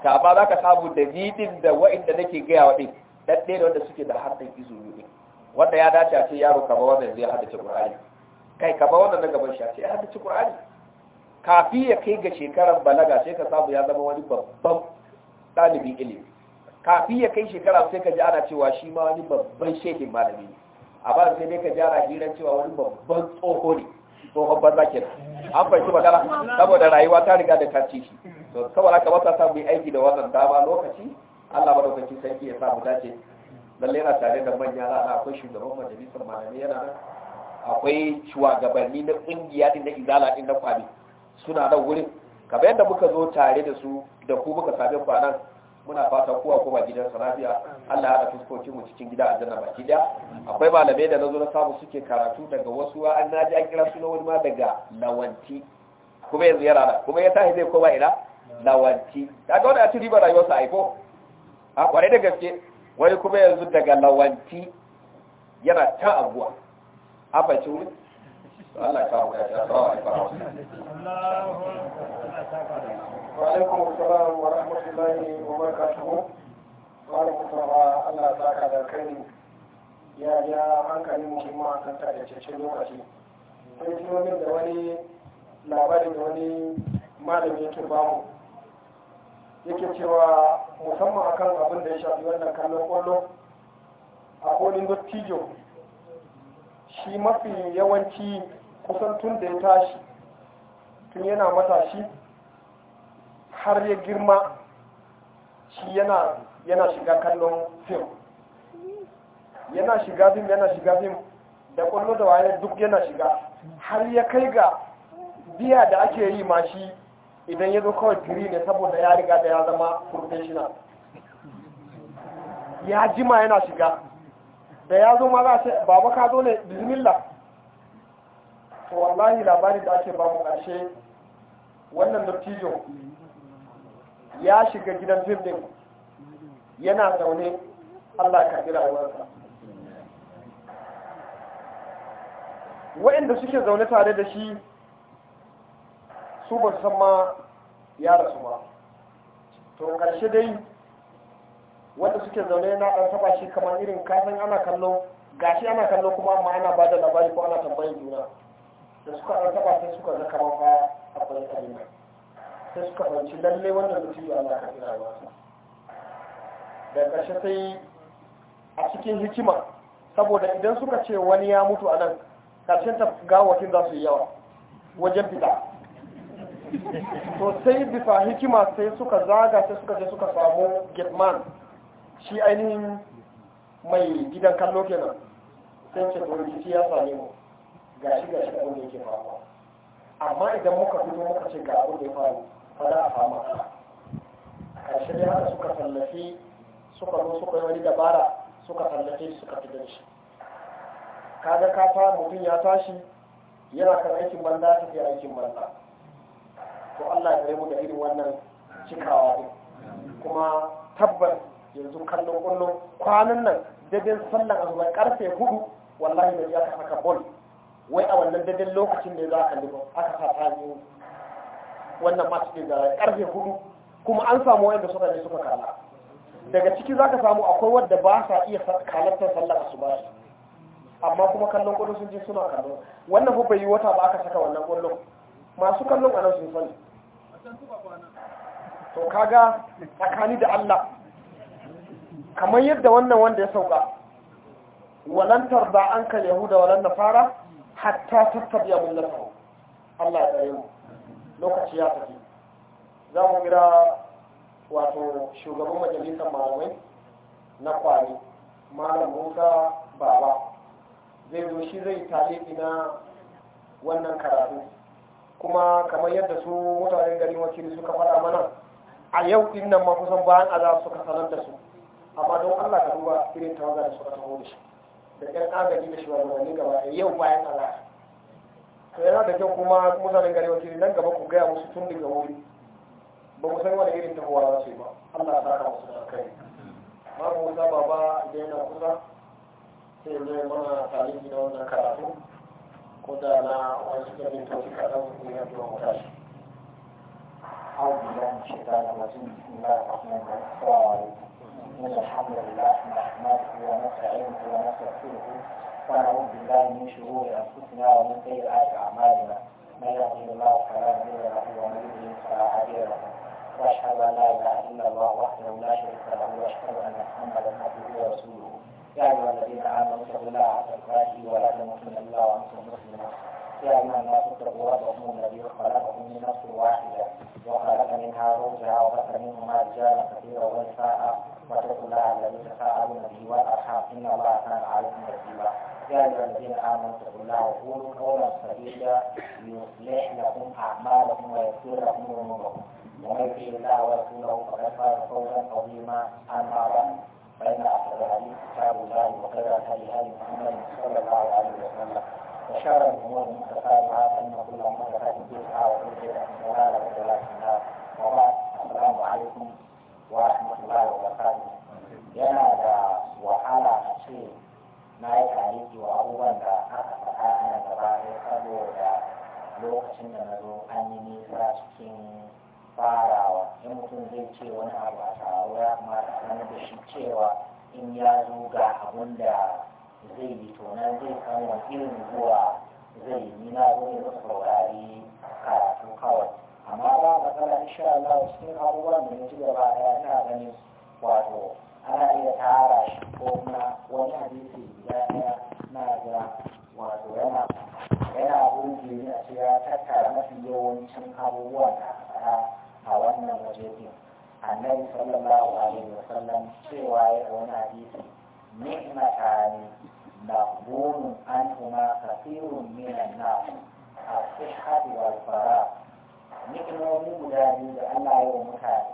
ka ba za ka samu da didin da wa'inda nake gaya wa ɗin ɗan ɗaya wanda suke da haddan ido biyu wanda ya dace a ce yaro kama wannan zai haddace ƙur'ani kai kama wannan na gaban shi a ce ya haddace ƙur'ani kafi ya kai ga shekarar balaga sai ka samu ya zama wani babban ɗalibin ilimi kafi ya kai shekara sai ka ji ana cewa shi ma wani babban shekin malami ne a ba sai dai ka ji ana hirar cewa wani babban tsoho ne ko babban zakin an fahimci magana saboda rayuwa ta riga da ta ci shi to saboda ka wata samu aiki da wannan dama lokaci Allah sai sarki ya samu dace lalle yana tare da manya na akwai shugaban majalisar malami yana nan akwai shugabanni na kungiya din da izala din na kwabi suna nan wurin kaba yadda muka zo tare da su da ku muka sami kwanan muna fata kowa kuma gidan lafiya Allah ya da fuskokin mu cikin gida aljanna baki daya akwai malamai da nazo na samu suke karatu daga wasu wa an naji an kira na wani ma daga lawanti kuma yanzu yana rana kuma ya tashi zai koma ina lawanti da kaga wani a ci riba rayuwarsa aiko a kware da gaske wani kuma yanzu daga lawanti yana ta abuwa a bacin ana kawo da ta ba a fara wa alaikum assalam wa rahmatullahi wa barakatuhu wani mutuwa Allah ta ka da kai ya ja hankali muhimma a kanta da cikin lokaci labarin da wani malami yake bamu yake cewa musamman akan abin da ya shafi wannan kallon kwallo a kolin dottijo shi mafi yawanci kusan tun da ya tashi tun yana matashi har ya girma shi yana shiga kallon fim yana shiga fim yana shiga fim da kwallo da waye duk yana shiga har ya kai ga biya da ake yi ma shi idan ya zo kawai giri ne saboda ya riga da ya zama professional ya jima yana shiga da ya zo ma za a ce baba ka zo ne bismillah to wallahi labarin da ake bamu ƙarshe wannan dattijo ya shiga gidan fim yana zaune Allah ka ji rayuwarsa waɗanda suke zaune tare da shi su ba su san ma ya rasu ba to ƙarshe dai wanda suke zaune na ɗan taba shi kamar irin kasan ana kallo gashi ana kallo kuma amma ana ba da labari ko ana tambayin juna da suka arzaba sai suka zaka mafa akwai kalima sai suka fahimci lalle wannan mutum ya Allah ka kira wasu da ƙarshe sai a cikin hikima saboda idan suka ce wani ya mutu a nan ƙarshen ta gawakin za su yi yawa wajen fita to sai bisa hikima sai suka zaga sai suka je suka samu gitman shi ainihin mai gidan kallo kenan sai ce to rikici ya same mu ga shi ga shi abin da yake faruwa amma idan muka fito muka ce ga abin da ya faru fa za a fama a ƙarshe haka suka tallafi suka zo suka yi wani dabara suka tallafe suka fi da shi kaga ka fara mutum ya tashi yana kan aikin banza ta fi aikin banza to Allah ya mu da irin wannan cikawa din kuma tabbas yanzu kallon kullum kwanan nan dajin sallan azuwa karfe hudu wallahi da ya saka bol wai a wannan daidai lokacin da za a kalli aka sa ta biyu wannan match ɗin da karfe hudu kuma an samu wanda suka ne suka kala. daga ciki za ka samu akwai wadda ba sa iya halartar sallar su ba amma kuma kallon kwallo sun je suna kallon wannan fa bai yi wata ba aka saka wannan kwallon masu kallon a nan sun sani to kaga tsakani da Allah kamar yadda wannan wanda ya sauka walantar da an kan yahuda walan fara. hatta tattabiya millatahu Allah ya yi lokaci ya tafi za mu kira wato shugaban majalisar malamai na kwari malam Musa Baba zai zo shi zai talibi na wannan karatu kuma kamar yadda su mutanen garin wakili suka faɗa mana a yau din nan ma kusan bayan azab suka sanar da su amma don Allah ka duba irin tawaga da suka taho da shi da ƴan agaji da shugabanni gaba yau bayan Allah to yana da kyau kuma mutanen gare wakili nan gaba ku gaya musu tun daga wuri ba ku san wani irin tafiya za su yi ba Allah ta saka musu da kai babu wata baba idan yana kusa sai ya zai mana tarihi na wannan karatu ko da na wani suka bin tafi kaɗan ne ya zuwa mutashi. أعوذ بالله من الشيطان الرجيم بسم الله الرحمن الرحيم إن الحمد لله نحمده ونستعينه ونستغفره ونعوذ بالله من شرور أنفسنا ومن سيئات أعمالنا من يهده الله فلا مضل له ومن يضلل فلا هادي له وأشهد أن لا إله إلا الله وحده لا شريك له وأشهد أن محمدا عبده ورسوله يا أيها الذين آمنوا اتقوا الله حق تقاته ولا تموتن إلا وأنتم مسلمون يا أيها الناس اتقوا ربكم الذي خلقكم من نفس واحدة وخلق منها زوجها وبث منهما رجالا كثيرا ونساء واتقوا الله الذي تساءلون به والارحام ان الله كان عليكم رقيبا يا ايها الذين امنوا اتقوا الله وقولوا قولا سديدا يصلح لكم اعمالكم ويغفر لكم ذنوبكم ومن يطع الله ورسوله فقد فاز فوزا عظيما اما بعد فان اصل الحديث كتاب الله وخير الهدي هدي محمد صلى الله عليه وسلم وشر الامور محدثاتها فان كل محدثات بدعه وكل بدعه ضلاله وكل ضلاله في النار وبعد السلام عليكم wa yana da wahala a ce na yi tariki wa abubuwan da aka faɗa a nan gaba ɗaya saboda lokacin da na zo an yi nisa cikin farawa in mutum zai ce wani abu a taro ya kamata a sanar da shi cewa in ya zo ga abun da zai yi to nan zai san wani irin zuwa zai yi na zo ne saurari karatu kawai amma ba matsala insha Allah cikin abubuwan da ya ci gaba ya ina ganin wato ana iya tara shi ko kuma wani hadisi guda ɗaya na ga wato yana yana burge ni a ce ya tattara mafi yawancin abubuwan da aka a wannan waje din annabi sallallahu alaihi wa wasallam cewa ya wani hadisi ni'matani مغبون عنهما كثير من الناس الصحة والفراغ ni'imomi guda biyu da Allah ya wa mutane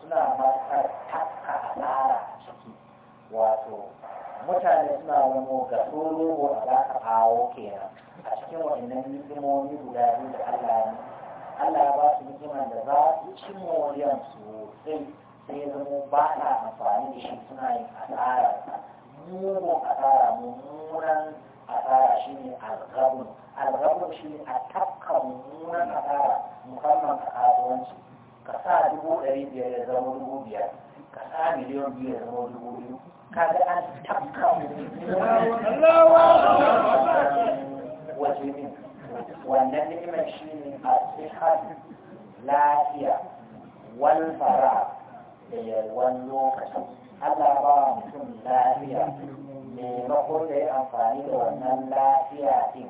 suna matar a alala ciki wato mutane suna zamo ga tsoro da za ka kawo kenan a cikin waɗannan ni'imomi guda biyu da Allah ya Allah ya ba su ni'imar da za su ci moriyar sosai sai ya zamo ba na amfani da shi suna yin asara mugun asara mummunan asara shine algabun algabun shine a tafka mummunan asara musamman a kasuwanci ka sa dubu ɗari biyar ya zama dubu biyar ka sa miliyan biyu ya zama dubu biyu kaga an tafka mummunan wannan ni'imar shine a tsihar lafiya walfara da yalwan lokacin Allah ba mutum lafiya maimakon da ya amfani da wannan lafiya din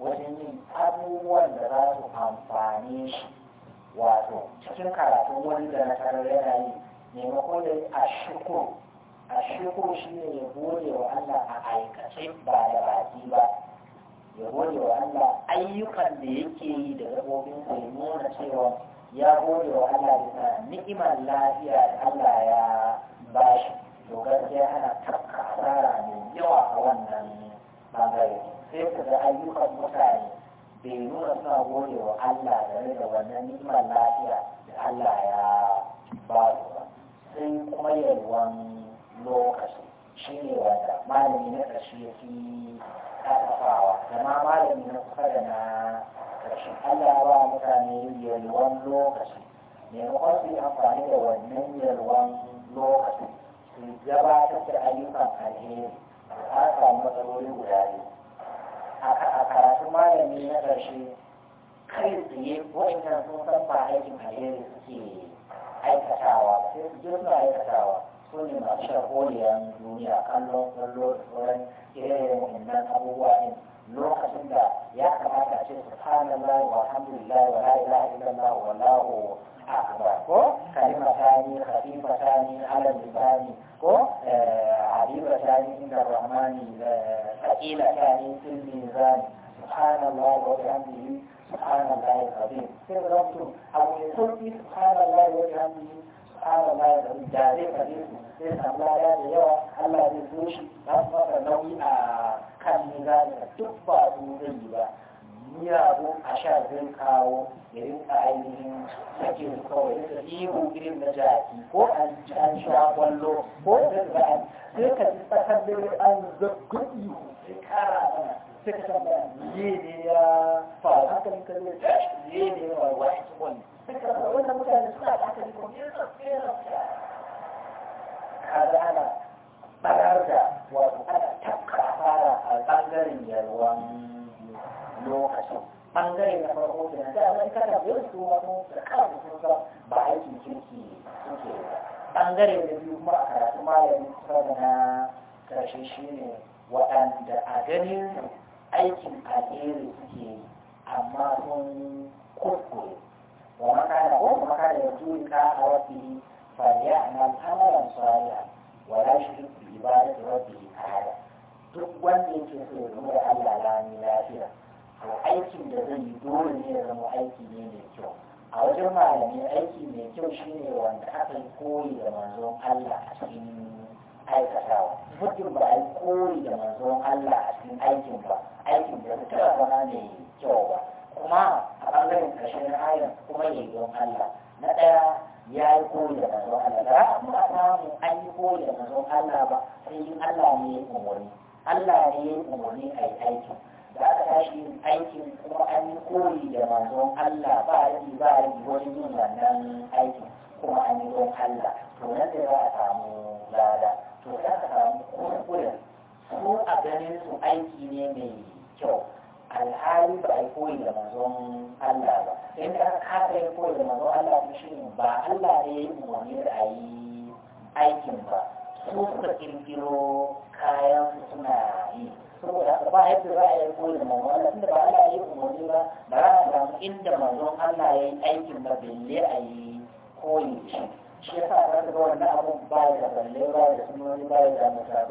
wajen yin abubuwan da za su amfani shi wato cikin karatun wani da na tarar yana yi maimakon da a shukuru a shukuru shi ne ya gode wa Allah a aikace ba da baki ba ya gode wa Allah ayyukan da yake yi da gabobin sa ya nuna cewa ya gode wa Allah bisa ni'imar lafiya da Allah ya bashi to gaskiya ana tafka asara ne yawa a wannan bangare sai ka ga ayyukan mutane bai nuna suna gode wa Allah game da wannan ni'imar lafiya da Allah ya ba su ba sai kuma yalwan lokaci shi ne wanda malami na ƙarshe ya fi ƙarfafawa zama malami na kusa da na ƙarshe Allah ya ba mutane yalwan lokaci maimakon su yi amfani da wannan yalwan lokaci su gabatar da ayyukan alheri ta samu matsaloli guda biyu a karatun malami na ƙarshe kai tsaye wa'annan sun san ba aikin alheri suke aikatawa sai su girma aikatawa su ne masu sharholiyan duniya kallon kallo da sauran ire-iren abubuwa ɗin lokacin da ya kamata a ce subhanallah wa alhamdulillah wa la ilaha illallah wallahu akbar ko kalima tani khafifa tani ala lisani ko habiba eh, tani inda rahmani eh, sakila tani fil mizan subhanallah wa bihamdihi subhanallah al-azim sai da abu ya sauki subhanallah wa bihamdihi ala la ya zai da zai su sai samu lada da yawa Allah zai so shi ba su masa nauyi a kan mizani duk ba su zai yi ba miyagun a sha zai kawo ya rinka ainihin sake su kawai da ihu irin na jaki ko an an sha kwallo ko da ba an sai ka ji tsakar dare an zagguɗi sai kara mana sai ka tambaya ne ya faru hankalin ka zai tashi ne ya faru wani tukun sai ka tambaya wannan mutane suna da hankali kuma ya kaga ana barar da wato ana tafka fara a bangaren yalwan lokacin bangare na farko kenan da wani kada biyar su wato da kara mutum ba aikin kirki suke bangare da biyu kuma a karatu malamin kusa da na karshe shi ne waɗanda a ganin aikin alheri suke yi, amma sun kurkure wa makana ko kuma kada ya tuni ka a rabbi fariya a nan amalan salihan wa la yushrik bi yi ka hada duk wanda yake so ya da Allah lami lafiya to aikin da zai yi dole ne ya zama aiki ne mai kyau a wajen malami aiki mai kyau shine wanda aka yi koyi da manzon Allah a cikin aikatawa mutum ba a yi kori da manzon Allah a cikin aikin ba aikin da mutum ba zama mai kyau ba kuma a ɓangaren ƙarshen ayon kuma ne don Allah na ɗaya ya yi kori da manzon Allah ba a samu an yi kori da manzon Allah ba sai yin Allah ne ya umarni Allah ne ya umarni a yi aikin da aka tashi yin aikin kuma an yi kori da manzon Allah ba a ba a wani yin wannan aikin kuma an yi don Allah to nan da za a samu lada to za ka samu kurkuren su a ganin su aiki ne mai kyau alhali ba a yi koyi da mazon Allah ba in ka kasa yi koyi da mazon Allah ta shi ba Allah ne yi umarni da a yi aikin ba su suka kirkiro kayan suna yi saboda haka ba yadda za a yi koyi da mazon Allah tunda ba Allah ya yi umarni ba ba za a samu inda mazon Allah ya yi aikin ba balle a yi koyi da shi shi yasa ka ga wannan abun da balle da da da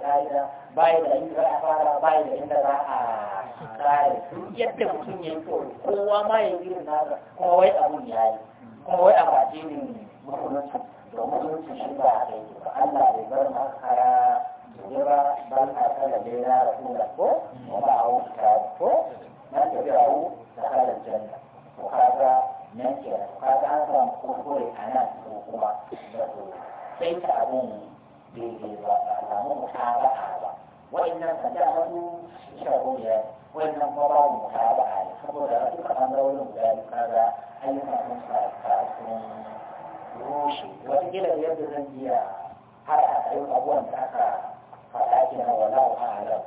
ka'ida da inda za a fara baya da inda za a kare yadda mutum ya yi kowa ma ya yi irin nasa kuma wai abun ya yi kuma wai domin shi ba a kai ba Allah bai bar mu haka jira ban a kala na rasula ko kuma a wuce ko da janna ko kaga na kira ka ga an samu kuskure a nan ko kuma da kuma sai ta abin daidai ba ba a samu mutaba'a ba wa'annan ka da wani shago ya wa'annan kuma ba mu a ne saboda duka ɓangarorin guda biyu ka ga ayyukan sun sun rushe wani gida yadda zan iya har a tsayin abubuwan da aka faɗa kina wala wa'alam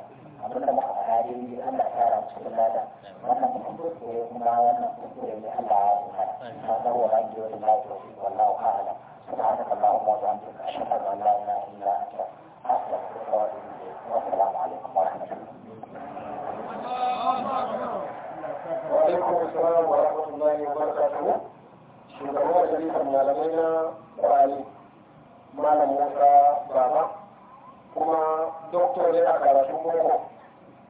abinda muka faɗa daidai Allah ya kara cikin lada wannan kuma kuskure kuma wannan kuskure ne Allah ya umara ta zama wa ji wani layi wasu wallahu a'ala subhanaka allahumma wa bihamdika ashhadu an la ilaha illa anta astaghfiruka wa atubu ilayk wa assalamu alaikum wa rahmatullahi wa alaikum assalam wa rahmatullahi wa barakatuhu shugaban majalisar malamai na ƙwari malam musa baba kuma doktor ne a karatun boko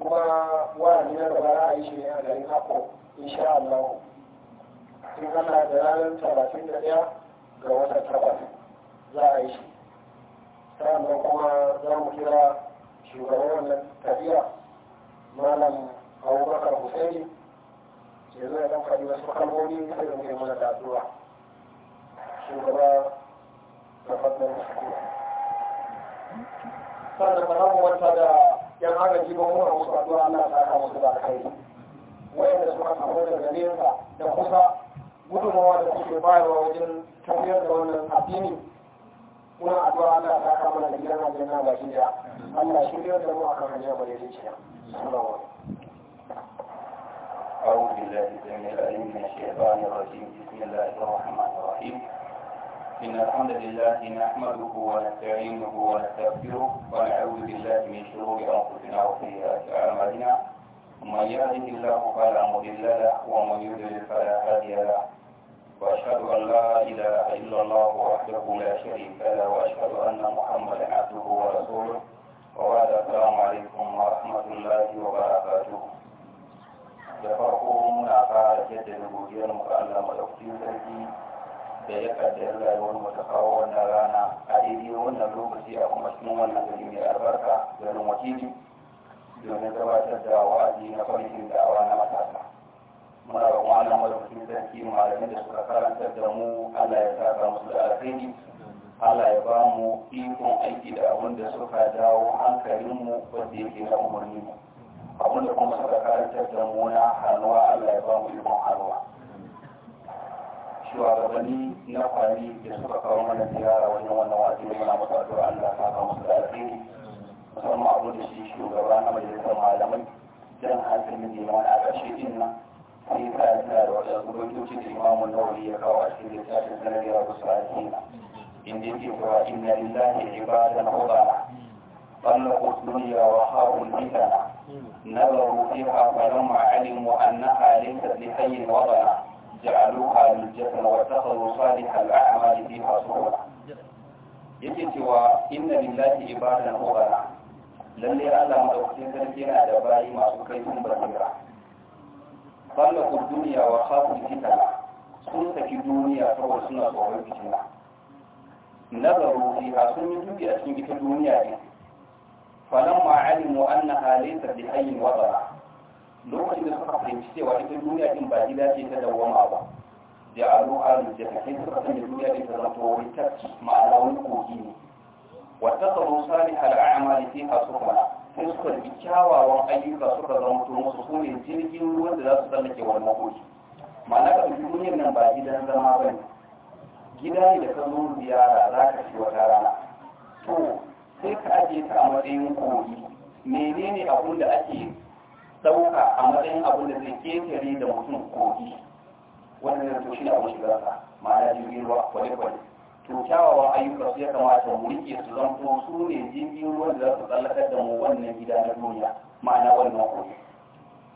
kuma wa'azi na gaba za a yi shi ne a garin hako insha Allah sun ana da ranar talatin da ɗaya ga wata takwas za a yi shi sannan kuma za mu kira shugaban wannan tafiya malam abubakar husaini ya zo ya ɗan faɗi wasu kalmomi sai da muke mana da shugaba da fadar sannan ba za mu manta da yan agaji ba muna musu addu'a Allah ta ka musu da kai wayanda suka samu daga nesa da kusa gudunmawa da kuke bayarwa wajen tafiyar da wannan addini muna addu'a Allah ta ka mana da gidan aljanna ba shi da Allah shi da mu akan hanya bare da ciya sallallahu أعوذ بالله السميع العليم من الشيطان الرجيم بسم الله الرحمن الرحيم إن الحمد لله نحمده ونستعينه ونستغفره ونعوذ بالله من شرور أنفسنا وسيئات أعمالنا من يهده الله فلا مضل له ومن يضلل فلا هادي له وأشهد أن لا إله إلا الله وحده لا شريك له وأشهد أن محمدا عبده ورسوله وبعد السلام عليكم ورحمة الله وبركاته da farko muna fara jaddada godiyar mu da ya kaddara rayuwar mu ta kawo wannan rana a daidai wannan lokaci a kuma cikin wannan gari mai albarka garin wakili domin gabatar da wa'azi na kwamitin da'awa na matasa muna roƙon Allah madaukakin sarki malamin da suka karanta da mu Allah ya saka musu da alheri Allah ya ba mu ikon aiki da abin da suka dawo hankalinmu wanda yake na umarni mu abin da kuma suka karanta da mu na hannuwa Allah ya ba mu ikon hannuwa shugabanni na kwari da suka kawo mana ziyara wajen wannan wasu muna masu addu'a Allah ta kawo musu da alheri musamman abu da shi shugaba na majalisar malamai dan hazimin neman a ƙarshe din nan sai ka yi da wasu gwamnatoci da imamun nauri ya kawo a cikin littafin sanar da wasu sa'adina inda yake cewa inna lillahi ibadan hudana طلقوا الدنيا وخاروا الفتنة نظروا فيها فلما علموا أنها ليست لحي وطنا ja'aluha lujjatan wa takhadhu salihal a'mali fiha suhula yake cewa inna lillahi ibadan ughara lalle Allah madaukakin sarki yana da bayi masu kaifin basira fallaku duniya wa khafu fitana sun saki duniya saboda suna tsoron fitina nazaru fiha sun yi dubi a cikin ita duniya ne falamma alimu annaha laysa bi hayyin wadara lokacin da suka fahimci cewa ita duniya din ba gida ce ta dawwama ba da aro alu da kai suka san da duniya din ta zama wani tafki ma'ana wani kogi ne wata tsaro sani al'amali sai a surma sai suka bi kyawawan ayyuka suka zama to musu su ne jirgin ruwan da za su ke wannan kogi ma'ana ka ɗauki duniyar nan ba gidan zama ba ne gida ne da ka zo ziyara za ka shi wata rana to sai ka ajiye ta a matsayin kogi menene abun da ake dauka a matsayin abin da zai ƙetare da mutum kogi wannan yana shi da abin shigarsa ma'ana jirgin ruwa kwale-kwale to kyawawan ayyuka su ya kamata mu rike su ko su ne jirgin ruwan da za su tsallakar da mu wannan gida na duniya ma'ana wannan kogi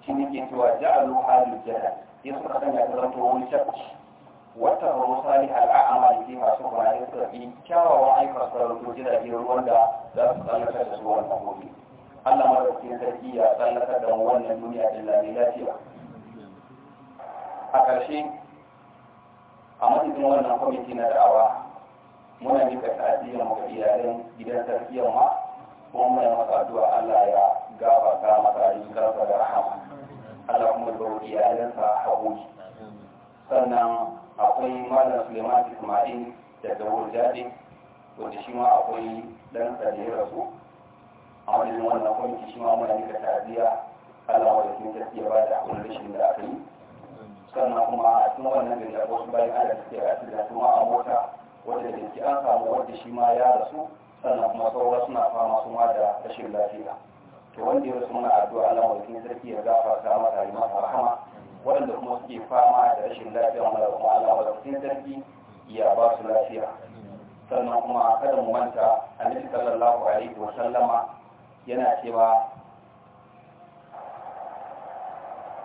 shi ne ke cewa ja'alu da jihar ya kasan ya zan to wani shakci wata rusali al'a'ama da fiha su kuma ya tsarki kyawawan ayyuka su ko jiragen ruwan da za su tsallakar da su wannan kogi Allah madaukakin sarki ya tsallakar da wannan duniya din lami lafiya a ƙarshe a madadin wannan kwamiti na da'awa muna mika ta'aziyar mu gidan sarki yamma kuma muna masa addu'a Allah ya gafarta masa karfa da rahama Allah kuma da iyalansa haƙuri sannan akwai malam Suleiman Ismail daga Wurjadi wanda shi ma akwai da ya rasu a wajen wannan kwamiti shi ma muna yi ka Allah wa yakin gaskiya ba da hakurin rashin da aka yi sannan kuma a cikin wannan gari a wasu bayan Allah suke a cikin kuma a mota wanda da ke an samu wanda shi ma ya rasu sannan kuma sauran suna fama su ma da rashin lafiya to wanda ya rasu muna addu'a Allah wa yakin sarki ya gafarta masa yi masa rahama waɗanda kuma suke fama da rashin lafiya mala kuma Allah wa yakin sarki ya ba su lafiya sannan kuma kada mu manta annabi sallallahu alaihi wa sallama yana cewa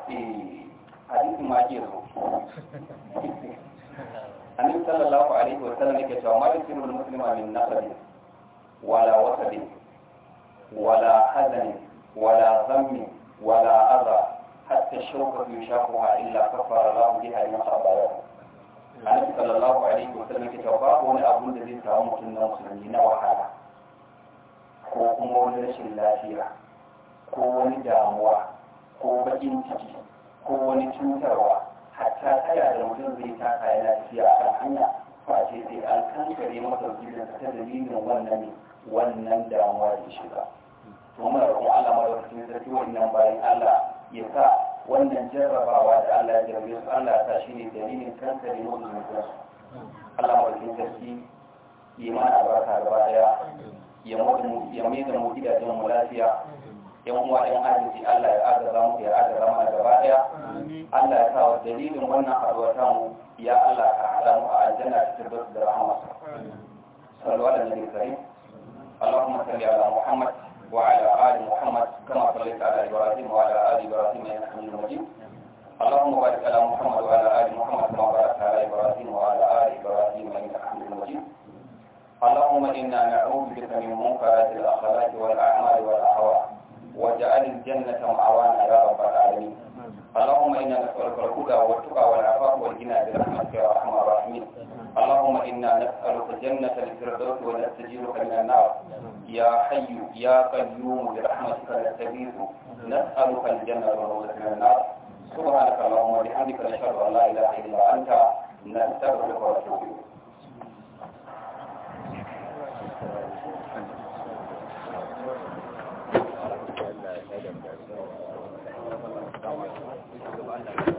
eh, hadisin ma ke zo [laughs] annabi sallallahu alaihi wa sallam yake cewa ma yusiru al-muslima min nasabin wala wasabin wala hazanin wala zammin wala adha hatta shauka yushaquha illa kafara lahu biha a khabara annabi sallallahu alaihi wa sallam yake cewa babu wani abun da zai samu mutum na musulmi na wahala ko kuma wani rashin lafiya ko wani damuwa ko baƙin ciki ko wani cutarwa hatta tsaya da mutum zai taka yana tafiya a kan hanya face sai an kankare masa zuciyar ta dalilin wannan wannan damuwa da shiga to muna roƙon Allah madaukakin sarki wannan bayan Allah ya sa wannan jarrabawa da Allah ya jarrabe su Allah ya sa shi ne dalilin kankare masa zuciyar Allah madaukakin sarki yi mana albarka gaba daya ya mai da mu gidajen mu lafiya yan uwa yan arziki Allah ya agaza mu ya agaza mana gaba daya Allah ya sa wa dalilin wannan haɗuwa ta mu ya Allah ka haɗa mu a aljanna ta tabbas da rahmatsa sallallahu alaihi wa sallam اللهم صل على محمد وعلى آل محمد كما صليت على إبراهيم وعلى آل إبراهيم إنك حميد مجيد اللهم بارك على محمد وعلى آل محمد كما باركت على إبراهيم وعلى آل إبراهيم إنك حميد مجيد اللهم إنا نعوذ بك من منكرات الأخلاق والأعمال والأهواء واجعل الجنة مأوانا يا رب العالمين اللهم إنا نسألك الهدى والتقى والعفاف والغنى برحمتك يا أرحم الراحمين اللهم إنا نسألك جنة الفردوس ونستجيرك من النار يا حي يا قيوم برحمتك نستغيث نسألك الجنة والروضة من النار سبحانك اللهم وبحمدك نشهد أن لا إله إلا أنت نستغفرك ونتوب إليك